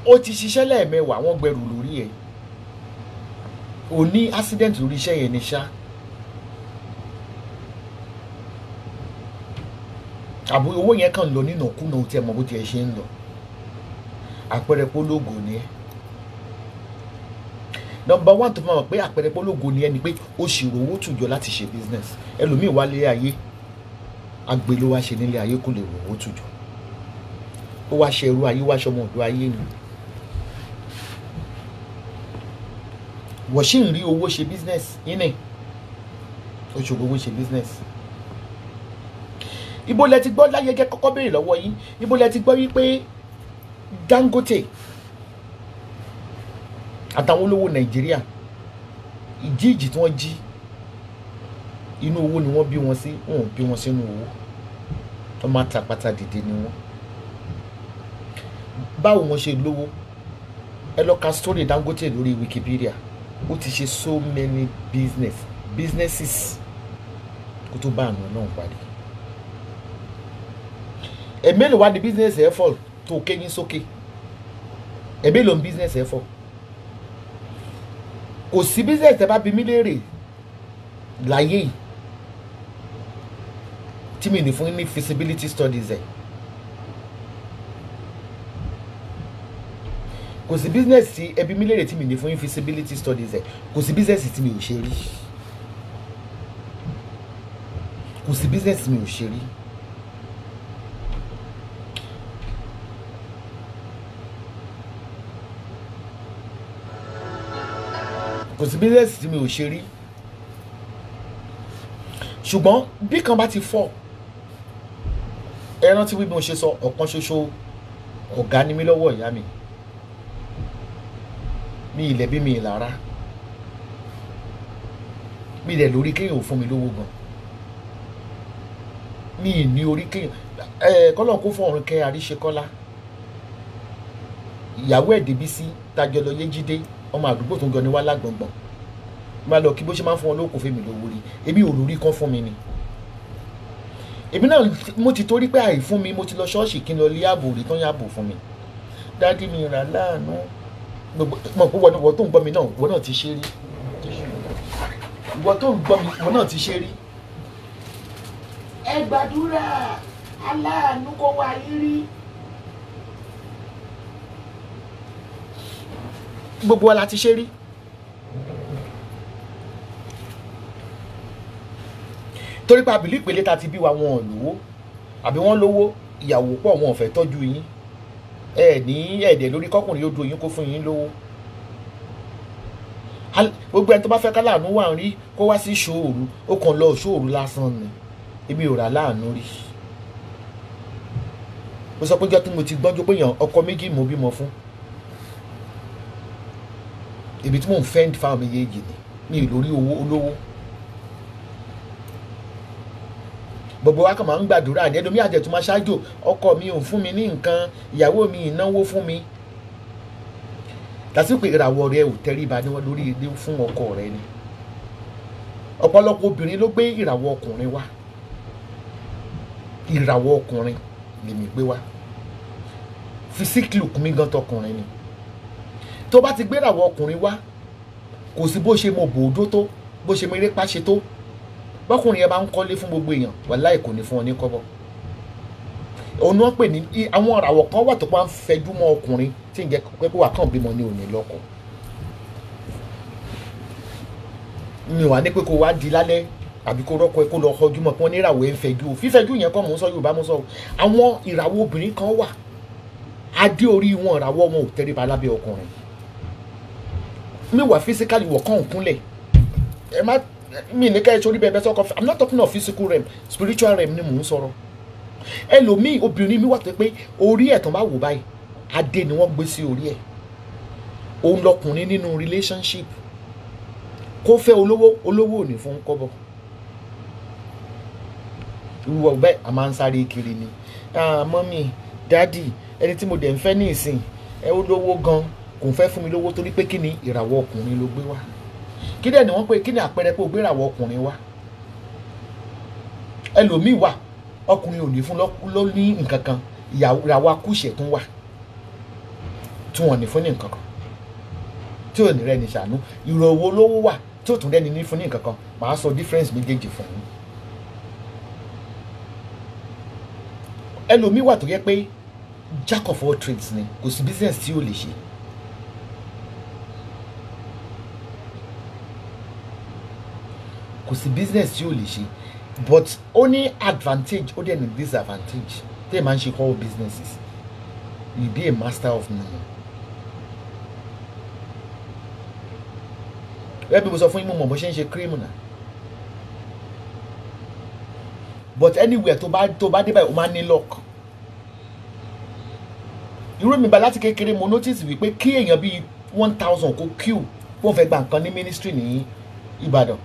Speaker 1: ó ti ṣiṣẹ́ lẹ́ẹ̀mẹwàá wọ́n gbẹrù lórí ẹ̀ ò ní accident lórí iṣẹ́ yẹn ni ṣá àbí owó yẹn kàn lọ nínú òkú tí ẹ mọ bó tiẹ̀ ṣe ń lọ àpẹẹrẹ pológo ni ẹ nọ́mbà one tó fi máa pé àpẹẹrẹ pológo ni ẹ ni pé o sì rówó tùjọ láti ṣe business ẹlòmíì wá lé ayé agbèlò wa ṣe nílé ayé kò lè rówó tùjọ ó wá ṣe ẹrú ayé wá ṣe ọmọ ọ̀dọ̀ ayé ni wọ́n sì ń rí owó ṣe business yínì ó ṣòro owó ṣe business ibo lẹ ti gbọ́ láyé kẹ́kọ́kọ́ béèrè lọ́wọ́ yín ibo lẹ ti gbọ́ wípé Dangote àtàwọn olówó Nàìjíríà ìjíìjì tí wọ́n jí inú owó ni wọ́n bí wọn sí wọn ò bí wọn sínú owó wọ́n máa tapata dìde ni wọ́n báwo wọ́n ṣe lówó ẹ lọ ka story Dangote lórí Wikipedia ó ti ṣe so many business businesses kó tó bá àná náà parí ẹ̀ mélòó wá di business ẹ̀ fọ́ọ̀lù tó kéyín sókè ẹ̀mí ló ń business ẹ̀ fọ́ kò sí business ẹ̀ bá bi mí léèrè láyé yìí tí mi ní fún ní feasibility studies ẹ̀ kò sí business tí ẹ bi mí léèrè tí mi ní fún feasibility studies ẹ̀ kò sí business tí mi ò ṣe rí kò sí business mi ò ṣe rí. kò sí bísíǹsì tí mi ò ṣe rí ṣùgbọ́n bí kan bá ti fọ́ ẹ rántí bí mo ṣe sọ ọ̀kan ṣoṣo ọ̀gá ni mí lọ́wọ́ ìyá mi mi ilẹ̀ bí mi ìlara mi ilẹ̀ lórí kéèyàn ò fún mi lówó gan mi ì ní orí kéèyàn ẹ kọ́lọ̀ kó fún ọ̀run kẹ́ àríṣekọ́lá ìyàwó ẹ̀ débí sí tajọ yéjídé ọmọ àdúgbò tó ń gan ni wá lágbọ̀ngbọ̀n máa lọ kí bó ṣe máa ń fún wọn lóko fèmí lówó rí èmi ò lórí kan fún mi ni èmi náà mo ti torí pé àìfún mi mo ti lọ ṣọ́ọ̀ṣì kí n lọ lé ààbò rí tán yààbò fún mi dádì mi rà láàánú gbogbo wọ́n tó ń gbọ́ mi náà wọ́n náà ti ṣe rí wọ́n tó ń gbọ́ mi wọ́n náà ti ṣe rí. ẹ gbàdúrà aláàánú kó wá yín rí. gbogbo wa la ti ṣe rí. torí pé àbílí ìpele ta ti bí wa wọn ò lówó àbí wọ́n lówó ìyàwó pọ̀ wọn ò fẹ́ tọ́jú yín ẹ ní ẹ̀ẹ́dẹ̀ lórí kọkùnrin yóò do yín kó fún yín lówó gbogbo ẹni tó bá fẹ́ ká láàánú wà ń rí kó wá sí ṣòòru ó kàn lọ ṣòòru lásán ni èmi ò rà láàánú rí mo sọ pé jọ́ tí mo ti gbọ́njú pé yàn ọkọ méjì mo bímọ fún ibi tí mò ń fẹ́ǹd fáwọn méjèèjì ni mi ì lórí owó olówó gbogbo wa kàn máa ń gbàdúrà ní ẹlòmíì àjẹtùmọ̀ aṣáájú ọkọ mi ò fún mi ní nǹkan ìyàwó mi ìnáwó fún mi tàṣí pé ìràwọ̀ rẹ ò tẹríba ní wọn lórí ilé fún ọkọ rẹ ni ọ̀pọ̀lọpọ̀ obìnrin ló gbé ìràwọ̀ ọkùnrin wá ìràwọ̀ ọkùnrin lèmi gbé wá physique look mi gan tọkùnrin ni tó bá ti gbéràwọ̀ ọkùnrin wá kò sí bó ṣe mọ bòódó tó bó ṣe mọ eré pàṣẹ tó bọ́kùnrin yẹn bá ń kọ́lé fún gbogbo èèyàn wàláì kò ní fún ọ ní kọ́bọ̀ òun náà pè ní àwọn ìràwọ̀ kan wà tó máa ń fẹjú mọ́ ọkùnrin tí ń jẹ́ pé kó wà kàn bímọ ní òní lọ́kọ mi wà ní pé kó wá di lálẹ́ àbí kó rọ́kọ ẹ kó lọ ọjú mọ̀ pé wọ́n ní ìràwọ̀ ẹ̀ ń fẹjú o fífẹjú yẹn kọ́ mò ń sọ Yorùbá mo sọ o àwọn ìràwọ̀ obìnrin kan wà adé orí wọn ìràwọ̀ wọn ò tẹríba lábẹ́ ọkùnrin mi wà physically wọ̀ kàn kúnlẹ̀ ẹ má mi ní ká ẹ sórí bẹ́ẹ̀ bẹ́ẹ̀ sọ́kọ i'm not talking of physical realm spiritual realm ni mò ń sọ̀rọ̀ ẹlòmíì obìnrin mi wà tó pé orí ẹ̀ tán bá wò báyìí adé ni wọ́n gbé sí orí ẹ̀ òun lọkùnrin nínú relationship kó fẹ́ olówó olówó ò ní fún kọ́bọ̀ ìwọ bẹ́ẹ̀ a máa ń sáré kiri ni ah mọ́mì dádì ẹni tí mo dẹ̀ ń fẹ́ ní ìsìn ẹ ó lówó gan-an kò fẹ́ fún mi lówó torí pé kí ni ìràwọ̀ ọkùnrin ló gbé wá kí dẹ̀ ni wọ́n pè kí ni àpẹẹrẹ pé o gbé ìràwọ̀ ọkùnrin wá ẹlòmíì wà ọkùnrin ò ní fún ló ní nǹkan kan ìràwọ̀ akúṣẹ̀ tún wà tí wọ́n ní fún ní nǹkan kan tí ò ní rẹ̀ ní ṣàánú ìrọ̀wọ́ olówó wà tí ò tún rẹ̀ ní ní fún ní nǹkan kan màá sọ difference méjèèjì fún yín ẹlòmíì wà tó yẹ pé jack of all trades ni kò sí business tí ò lè ṣe kò sí business tí ò lè ṣe but ó ní advantage ó dẹ̀ ní disadvantage tí ẹ máa ń ṣe all businesses you be a master of none. ẹbí mo sọ fún yín mo mọ̀ bó ṣe ń ṣe cream náà but anywhere tó bá tó bá dé báyìí o máa ní luck irú mi bá láti kékeré mo notice wípé kí èèyàn bíi one thousand kó queue wọ́n fẹ́ gba nǹkan ní ministry ní Ìbàdàn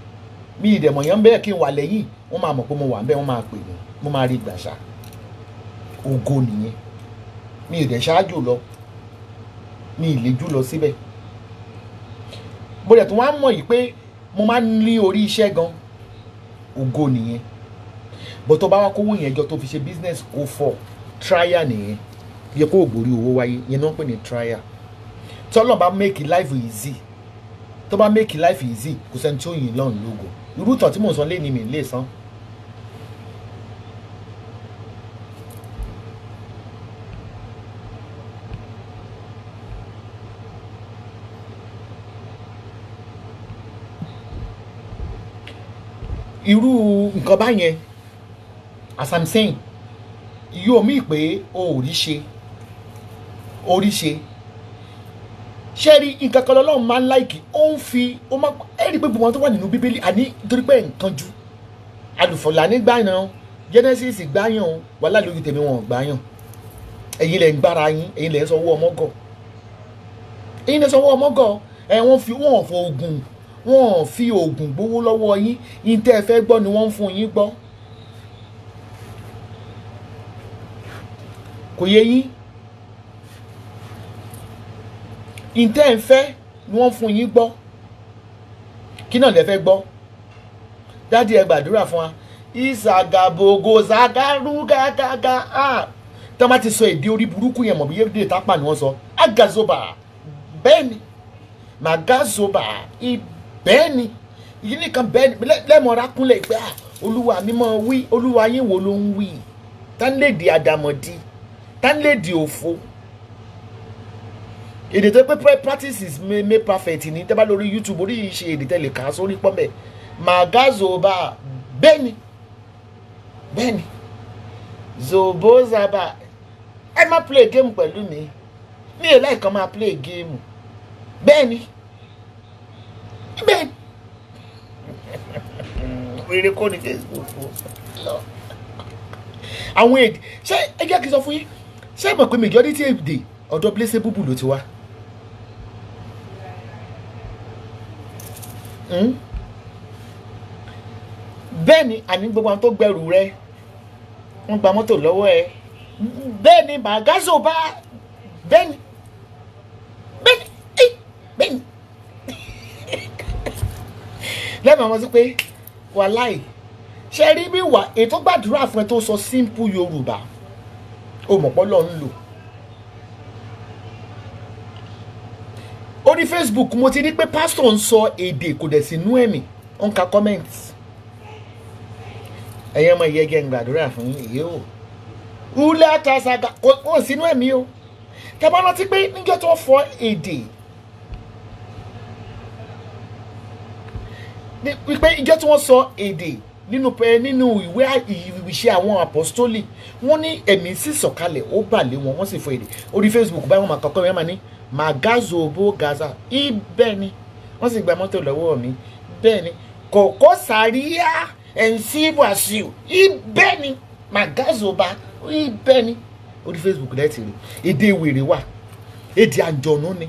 Speaker 1: mi ìdẹ̀mọ̀ yẹn ń bẹ́ẹ̀ kí n wà lẹ́yìn wọ́n máa mọ̀ pé mo wà ń bẹ́ẹ̀ wọ́n máa pè mí mo máa rí gbàṣà ògo nìyẹn mi ìdẹ̀ ṣáájú lọ mi ìlejú lọ síbẹ̀ mo dẹ̀ tún wá mọ̀ yìí pé mo máa ń ní orí iṣẹ́ gan ògo nìyẹn bọ́tò bá wá kówó yẹn jọ tó fi ṣe business ó fọ trial nìyẹn yẹ kó ògbórí owó wáyé yẹn náà pè ní trial tọ́lọ̀ bá make life easy tó bá make life easy kò sẹ́ni tí ó yìn lọ́rùn lógo irú ìtàn tí mò ń sọ lé ni mi lè san. irú nǹkan báyẹn as i'm saying yóò mí pé o ò rí ṣe o rí ṣe ṣé rí nǹkan kan lọ́lọ́run máa ń láìkì ó ń fi ó máa ẹ rí i pé gbogbo wọn tó wà nínú bíbélì àní torí pé nǹkan ju àlùfọ̀lá nígbàyàn genesis gbàyàn wàhálà lórí tèmi wọn gbàyàn ẹ̀yin lẹ̀ ń gbára yín ẹ̀yin lẹ̀ ń sanwó ọmọgọ̀ ẹ̀yin lẹ̀ ń sanwó ọmọgọ̀ ẹ̀ wọ́n fi wọ́n fọ oògùn wọ́n fi oògùn gbowó lọ́wọ́ yín yín tẹ́ ẹ fẹ́ gbọ́ ni wọ́n fún yín gbọ́ kò yẹ yín ntẹ́ ń fẹ́ ni wọ́n fún yín gbọ́ kí náà lẹ fẹ́ gbọ́ dádì ẹ gbàdúrà fún wa ìsàgàbògò sàgàrúgàgàgà tí wọ́n bá ti sọ èdè orí burúkú yẹn mọ̀ bí yéèdè tápà ni wọ́n sọ agazoba bẹ́ẹ̀ni magazoba ìbẹ́ẹ̀ni yìí nìkan bẹ́ẹ̀ni lẹ́mọ̀ọ́ra kúnlẹ̀ ìgbà olúwa mímọ́ wí olúwa yín wo ló ń wí tán lè di àdàmọ̀dì tán lè di òfo èdè tó pé practices may perfect ní tẹ́ bá lórí youtube oríṣi èdè tẹ́lẹ̀ kà á sórí pọ́nbẹ́ magazoba bẹ́ẹ̀ni bẹ́ẹ̀ni zobozaba ẹ má play game pẹ̀lú mi mi ò láì kàn máa play game bẹ́ẹ̀ni bẹ́ẹ̀ni [laughs] rere kọ́ ni facebook àwọn èdè ṣé ẹ jẹ́ kí n sọ fún yín ṣé ẹ mọ̀ pé majority èdè ọ̀dọ̀ blessable bù ló ti wá. Hmm? bẹ́ẹ̀ ni àní gbogbo àwọn tó gbẹrù rẹ wọ́n gba mọ́tò lọ́wọ́ ẹ bẹ́ẹ̀ ni bàgásò bá bẹ́ẹ̀ ni bẹ́ẹ̀ ni bẹ́ẹ̀ ni lẹ́nu àwọn sí pé wàláì ṣe rí bí wà ètò gbàdúrà fún ẹ tó sọ simple yorùbá o mọ̀ pọ́ lọ́ọ́ ń lò. orí facebook mo ti rí pé pásítọ̀ ń sọ èdè kò dẹ̀ sí nú ẹ̀mí ó ń ka comment ẹ̀yin ọmọ ìyẹn jẹ́ ń gbàdúrà fún ìyẹ́ o ulẹ̀ àtàṣàgà kò sínú ẹ̀mí o tẹ̀bọ́n rántí pé níjọ́ tó fọ èdè wípé ìjọ́ tí wọ́n sọ èdè nínú pé nínú ìwé ìṣe àwọn apostoli wọ́n ní ẹ̀mí sì sọ̀kalẹ̀ ó bà lé wọn wọ́n sì fọ èdè orí facebook báyìí wọ́n máa kọ́kọ́ yẹn máa ní magazu obo gaza ibẹ̀ ni wọ́n sì gba mọ́tò lọ́wọ́ mi bẹ́ẹ̀ ni kòkó sàríyá ẹ̀ǹsí wàṣíù ibẹ̀ ni magazu ọba ibẹ̀ ni orí facebook lẹ́tì rí èdè wèrè wà èdè àjọ̀nú ni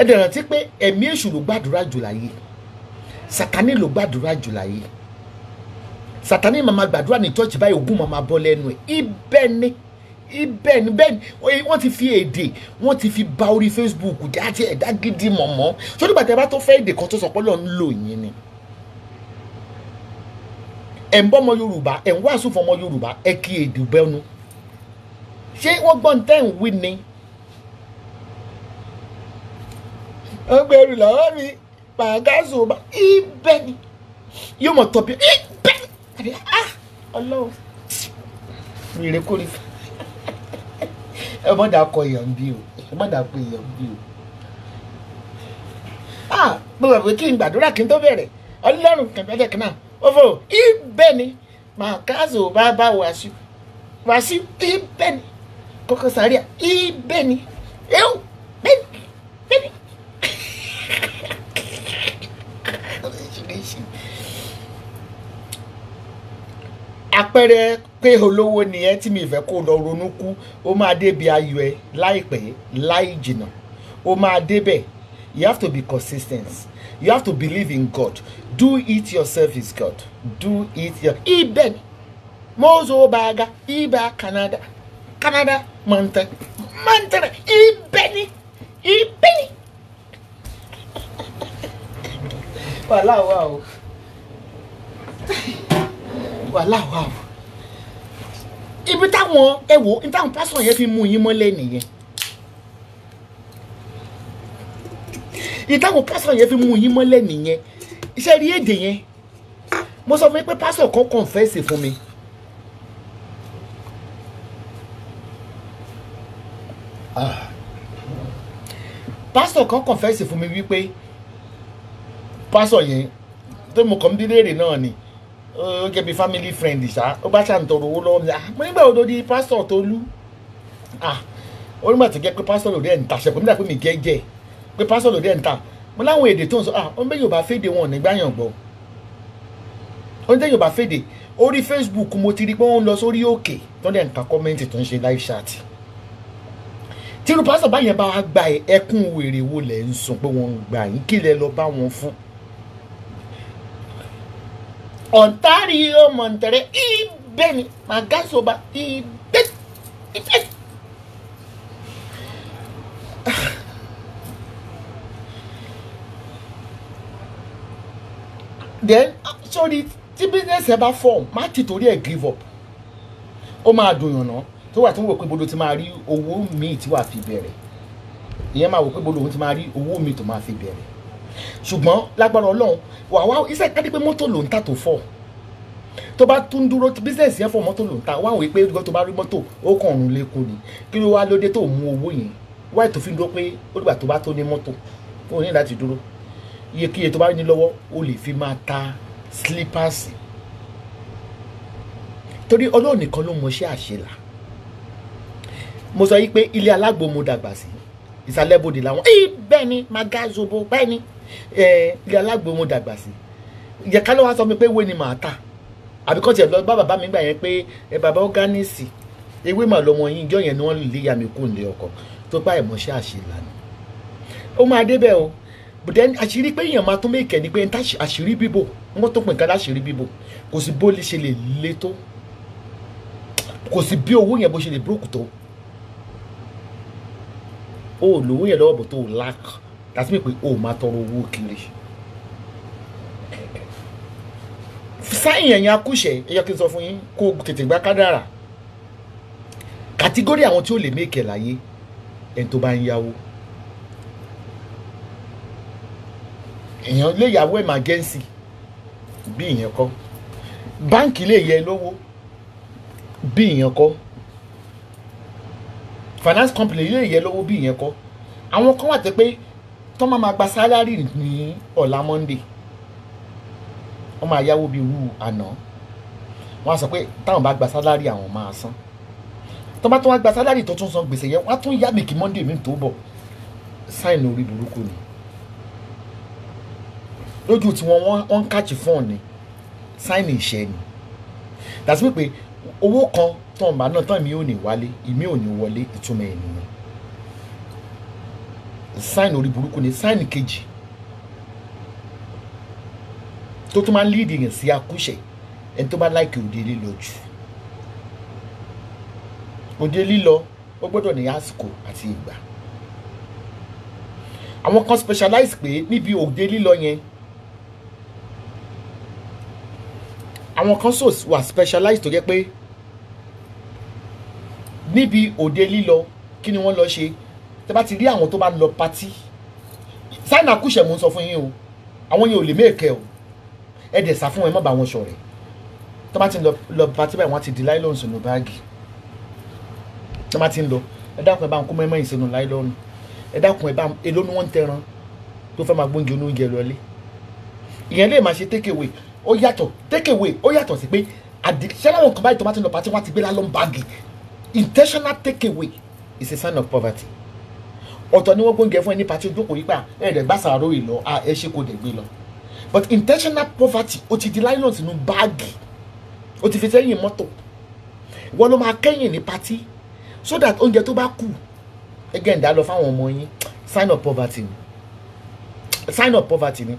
Speaker 1: ẹ dẹ̀ rántí pé ẹ̀mí èṣù ló gbàdúrà jù láyé sàtánì ló gbàdúrà jù láyé sàtánì màmá gbàdúrà ní church báyìí ogún màmá bọ́ lẹ́nu ẹ̀ ibẹ̀ ni ibẹ̀ ni bẹ́ẹ̀ ni wọ́n ti fi èdè wọ́n ti fi ba orí Facebook jáde ẹ̀dá gidi mọ̀mọ́ sórí bàtà bá tó fẹ́ èdè kan tó sọ pé Ọlọ́run lò yín ni ẹ̀ ń bọ́ ọmọ Yorùbá ẹ̀ ń wàásù fún ọmọ Yorùbá ẹ̀ kí èdè bẹ́nu ṣé wọ́n gbọ́ ní tẹ́ǹ wí ni. ọgbẹ́rù lọ́wọ́ mi pàgásù bá ibẹ̀ ni yóò mọ̀ tọ́ bí ibẹ̀ ni ah, Ọlọ́run mi kórìí ẹ mọ̀ dà kọ èèyàn bí o ẹ mọ̀ dà pé èèyàn bí o. ah mo rò pé kí n gbàdúrà kí n tó bẹ̀rẹ̀ ọlọ́run kẹ̀kẹ́ kan náà ó fò ibẹ̀ ni màá káàzó bá bá wàásù wàásù ibẹ̀ ni Koko Zaria ibẹ̀ ni ẹ̀wù bẹ́ẹ̀ ni àpẹẹrẹ pé olówó ni ẹ tí mi fẹ́ kó lọ ronú kú ó máa débi ayọ̀ ẹ láìpẹ́ láì jìnnà ó máa débẹ̀ you have to be consistent you have to believe in God do it yourself is God do it your ibẹ̀ mọ́ọ́sọ̀ bá a ga ibà Canada Canada mọ̀ntẹ́ mọ̀ntẹ́rẹ̀ ibẹ̀ ni ibẹ̀ ni. wàhálà wà o wàhálà wà o ibi táwọn ẹ wò ibi táwọn pásítọ̀ yẹn fi mú yín mọ́lẹ̀ nìyẹn ibi táwọn pásítọ̀ yẹn fi mú yín mọ́lẹ̀ nìyẹn iṣẹ́ rí èdè yẹn mo sọ fún yín pé pásítọ̀ kan kọ̀ǹfẹ́sì fún mi. Ah. pásítọ̀ kan kọ̀ǹfẹ́sì fún mi wípé pásítọ̀ yẹn tó mo kàn ń bí léèrè náà ni ó jẹ́ bí family friend ṣá ó bá ṣàǹtọ̀rọ̀ owó lọ́wọ́ mi àmọ́ nígbà wo di pásítọ̀ Tolú onígbà tó jẹ́ pé pásítọ̀ lòdì ẹ̀ ń ta ṣẹ̀kọ́ nígbà pé mi jẹ́ jẹ́ pé pásítọ̀ lòdì ẹ̀ ta mo láwọn èdè tó ń sọ ó ń bẹ́ Yorùbá fèdè wọn nígbà yàn gbọ́ ó ń jẹ́ Yorùbá fèdè orí Facebook mo ti rí pé wọ́n ń lọ sórí òkè tó ń dẹ̀ ń ka tó ń ṣe live chat tírú pásítọ̀ báyẹn bá wá gba ẹkún wèrè wo lẹ̀ ń sùn pé wọ́n ń gbà yín Ontario, Monterrey y Beni, Magasoba y Ben. Y ben. Then, sorry, tí business ẹ bá form, má ti torí ẹ̀ give up. Ó máa dùn yàn náà tó wà tó ń wò pé bolo ti máa rí owó míì tí wàá fi bẹ̀rẹ̀. Ìyẹn máa wò pé bolo ti máa rí owó míì tó máa fi bẹ̀rẹ̀ ṣùgbọ́n lágbára ọlọ́run wà wá iṣẹ́ kájí pé mọ́tò ló ń tà tó fọ́ tó bá tún dúró bísíǹsì yẹn fọ mọ́tò ló ń tà wá òye pé tó bá rí mọ́tò ó kàn ń lékun ni kí ló wá lóde tó mú owó yẹn wá ètò fi ń dúró pé ó dìgbà tó bá tó ní mọ́tò ó ní láti dúró iyekíye tó bá ní lọ́wọ́ ó lè fi máa ta slippers torí ọlọ́run nìkan ló mọṣẹ́ àṣelà mo sọ yìí pé ilé alágbo mo dàgbà sí ìsàlẹ̀ bòde làwọn ẹ bẹ́ẹ̀ ni magazobo bẹ́ẹ̀ ni ilé alágbo mo dàgbà sí yẹ ká ló wá sọ mi pé ewé ni màá tà àbí kọ́ tiẹ̀ lọ bá bàbá mi gbà yẹn pé ẹ bàbá ọ́gánìsì ewé màá lọ́mọ yín ìjọ yẹn ni wọ́n lè ya mi kú nílé ọkọ tó bá ìmọ̀ṣẹ́ àṣelànà ó máa débẹ̀ o but then àṣírí pé èèyàn máa tún bẹ́ẹ̀ kẹ́ ni pé àṣírí bíbò wọ́n tó pè ká láṣírí bíbò kò sí bó lè ṣe lè le tó kò sí bí owó yẹn bó ṣe lè búrúkú tó o lówó yẹn lọ́wọ́ bò tó o láàkàn that's me pé o máa tọrọ owó kiri sáyìn ẹ̀yìn akúṣẹ̀ ẹ̀yọ́ kí n sọ fún yín kó tètè gba kádàrà kàtígórì àwọn tí ó lè mékè láyé ẹni tó bá ń yáwó èèyàn lè yáwó emergency bí ìyẹn kọ́ báǹkì lè yẹ lówó bí ìyẹn kọ́ finance company lè yẹ lówó bí ìyẹn kọ́ àwọn kan wà tẹ́ pé tó máa ma gba sálárì ní ọ̀la monday wọ́n máa yáwó bíi irú àná wọ́n á sọ pé táwọn bá gba sálárì àwọn máa san tó bá tó wá gba sálárì tó tún san gbèsè yẹn wọ́n á tún yá mi kí monday mi tó bọ̀ sáìn orí burúkú ni lójú tí wọ́n wọ́n ń káàkiri fún ọ ni sáìn ìṣẹ́ ni dàsí pé owó kan tọ̀nba náà tán mi ò ní wálé ìmí ò ní wọlé ìtumọ̀ ènìyàn sign orí burúkú ni sign kejì tó tún máa ń lead yẹn sí akúṣẹ̀ ẹni tó bá láìkì òde lílọ jù òde lílọ ó gbọ́dọ̀ ní àsìkò àti ìgbà àwọn kan specialize pé níbi òde lílọ yẹn àwọn kan so wà specialized tó jẹ́ pé níbi òde lílọ kí ni wọ́n lọ ṣe tẹ bá ti rí àwọn tó bá lọ patí sáìnà kùsẹ̀ mò ń sọ fún yín o àwọn yẹn ò lè méèkẹ́ o ẹ dẹ̀ sá fún ẹ má bá wọn ṣọ̀rẹ́ tó bá ti lọ patí báyìí wọ́n ti di láìlọ́ọ̀nù sínú báàgì tó bá ti ń lọ ẹ dákun ẹ bá ń kó mẹ́mọ́ ìsinú láìlọ́ọ̀nù ẹ dákun ẹ bá èló ni wọ́n ń tẹran tó fẹ́ máa gbóúnjẹ oúnjẹ lọlé ìyẹn lè máa ṣe tékèwé ó yàtọ̀ tékèwé ó yàtọ̀ sí pé àdìsẹ́láwọ̀n kan báyìí tó bá ti lọ patí wọ́n ti gbé lálọ́ọ̀nù báàgì intentional takeaway is a sign of poverty ọ̀tọ̀ ni wọ́n gbóúnjẹ fún ẹni pàtí ojókòó yípa ah, ẹ̀ẹ́dẹ̀ gbàsàrò ìlọ ah, ẹ ṣe kò dẹ̀ gbé lọ but intentional poverty o ti di lion sínú báàgì o ti fi sẹ́yìn mọ́tò wọ́n ló máa kẹ́yìn ní pàtí so that oúnjẹ tó bá kù ẹgẹ́ ń dá lọ fáwọn ọmọ yín sign of poverty ni sign of poverty ni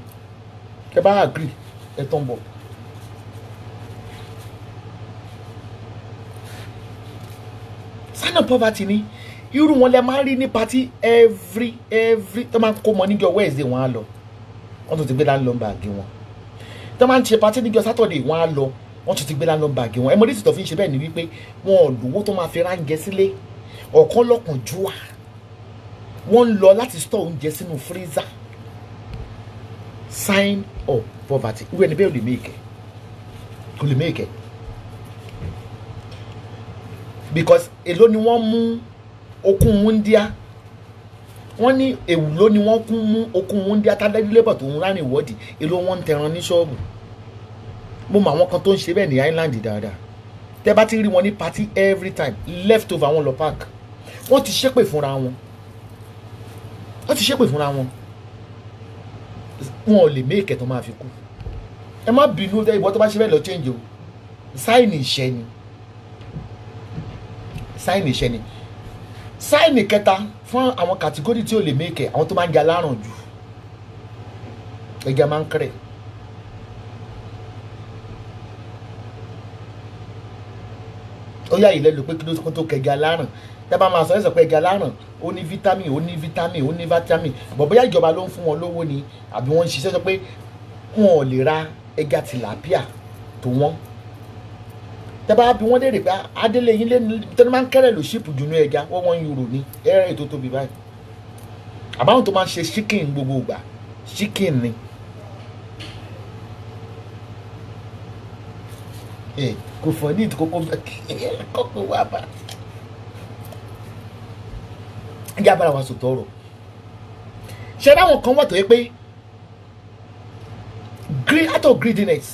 Speaker 1: ẹ bá agree ẹ tán bọ̀. sign of poverty ni irú wọn lẹ máa ń rí ní party every every tó máa ń kó mọ níjọ́ wednesday wọn á lọ wọn tún ti gbé láńlọ báàgì wọn tó máa ń ṣe party níjọ́ saturday wọn á lọ wọn tún ti gbé láńlọ báàgì wọn ẹmọdé tìtọ́ fi ń ṣe bẹ́ẹ̀ ni wípé wọn ò lówó tó máa fi ráńjẹ sílé ọ̀kan lọ́kàn jùwà wọ́n ń lọ láti store oúnjẹ sínú freezer sign of poverty irú ẹni bẹ́ẹ̀ ò lè mèkẹ́ kò lè mèkẹ́ because èló ni wọ́n mú okun wúndíá wọ́n ní èwúlò ni wọ́n kún mú okun wúndíá tádẹ́dí labour tó ń rárìn ìwọ́dì èló wọn ń tẹran ní ṣọ́ọ̀bù mo mọ àwọn kan tó ń ṣe bẹ́ẹ̀ ní Island dáadáa tẹ́ bá ti rí wọn ní party every time left over wọn lọ park wọ́n ti ṣépè fúnra wọn wọ́n ti ṣépè fúnra wọn wọn ò lè méèkẹ́ tó máa fi kú ẹ má bínú ìwọ tó bá ṣe bẹ́ẹ̀ lọ change o sáìnì ìṣẹ́ ni sáìnì ìṣẹ́ ni sáìnì kẹta fún àwọn kàtígórì tí ò lè mẹ́kẹ̀ àwọn tó máa ń jẹ alárùn jù ẹja máa ń kẹrẹ̀. ó yà yìí lẹ́nu pé kí ló tó kẹja alárùn dábà máa sọ ẹsẹ̀ pé ẹja alárùn ó ní vitamin ó ní vitamin ó ní vitamin bọ̀ bóyá ìjọba ló ń fún wọn lówó ni àbí wọ́n ń ṣiṣẹ́ sọ pé wọn ò lè ra ẹja tìlápíà tó wọ́n tẹ́bá bí wọ́n léèrè pé ah, adélé yín lẹ́nu tẹ́lẹ̀ máa ń kẹ́rẹ̀ lò ṣíìpù dùnú ẹja wọ́n wọ́n yòrò ní ẹ̀rẹ́ ètò tóbi báyìí àbáwọn tó máa ń ṣe chicken gbogbo ìgbà chicken ni. kò fọ ní ìdíkókó kókó wà bá. ẹjẹ́ abára wa sòtọ́ ọ̀rọ̀ ṣe dáwọn kan wà tó yẹ pé out of greediness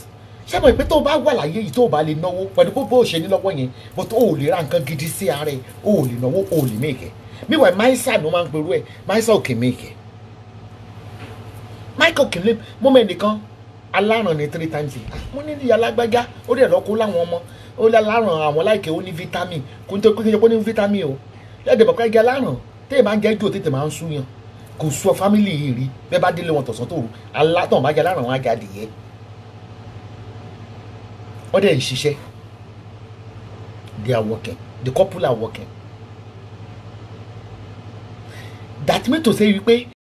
Speaker 1: ṣé mo ìpè tó bá wà láyé yìí tó bá lè náwó pẹ̀lú gbogbo òṣèlú lọ́wọ́ yẹn but o ò lè ra nǹkan gidi sí ara ẹ o ò lè náwó o ò lè mèkẹ́ meanwhile maisa ni wọ́n máa ń perú ẹ̀ maisa ò kì í mèkẹ́ michael kìlẹ̀ mọ́mọ́ ẹnìkan aláràn ní three times mo ní ìyá alágbájá ó dẹ̀ lọ́kọ́ láwọn ọmọ ó lé aláràn àwọn láìkè ó ní vitamin kò ní tó kékeré ó ní vitamin o lẹ́dẹ̀ẹ́ bàbá ẹgbẹ́ aláràn tẹ́ẹ̀ máa ń jẹ́ jù tètè máa ń súnyàn kò sọ fámìlì yìí rí bẹ́ẹ̀ bá délé wọn tọ̀sán tòru alátàn bá jẹ́ aláràn wọn á jáde yẹn ó dẹ̀ ń ṣiṣẹ́ they are working the couple are working that mean to say wípé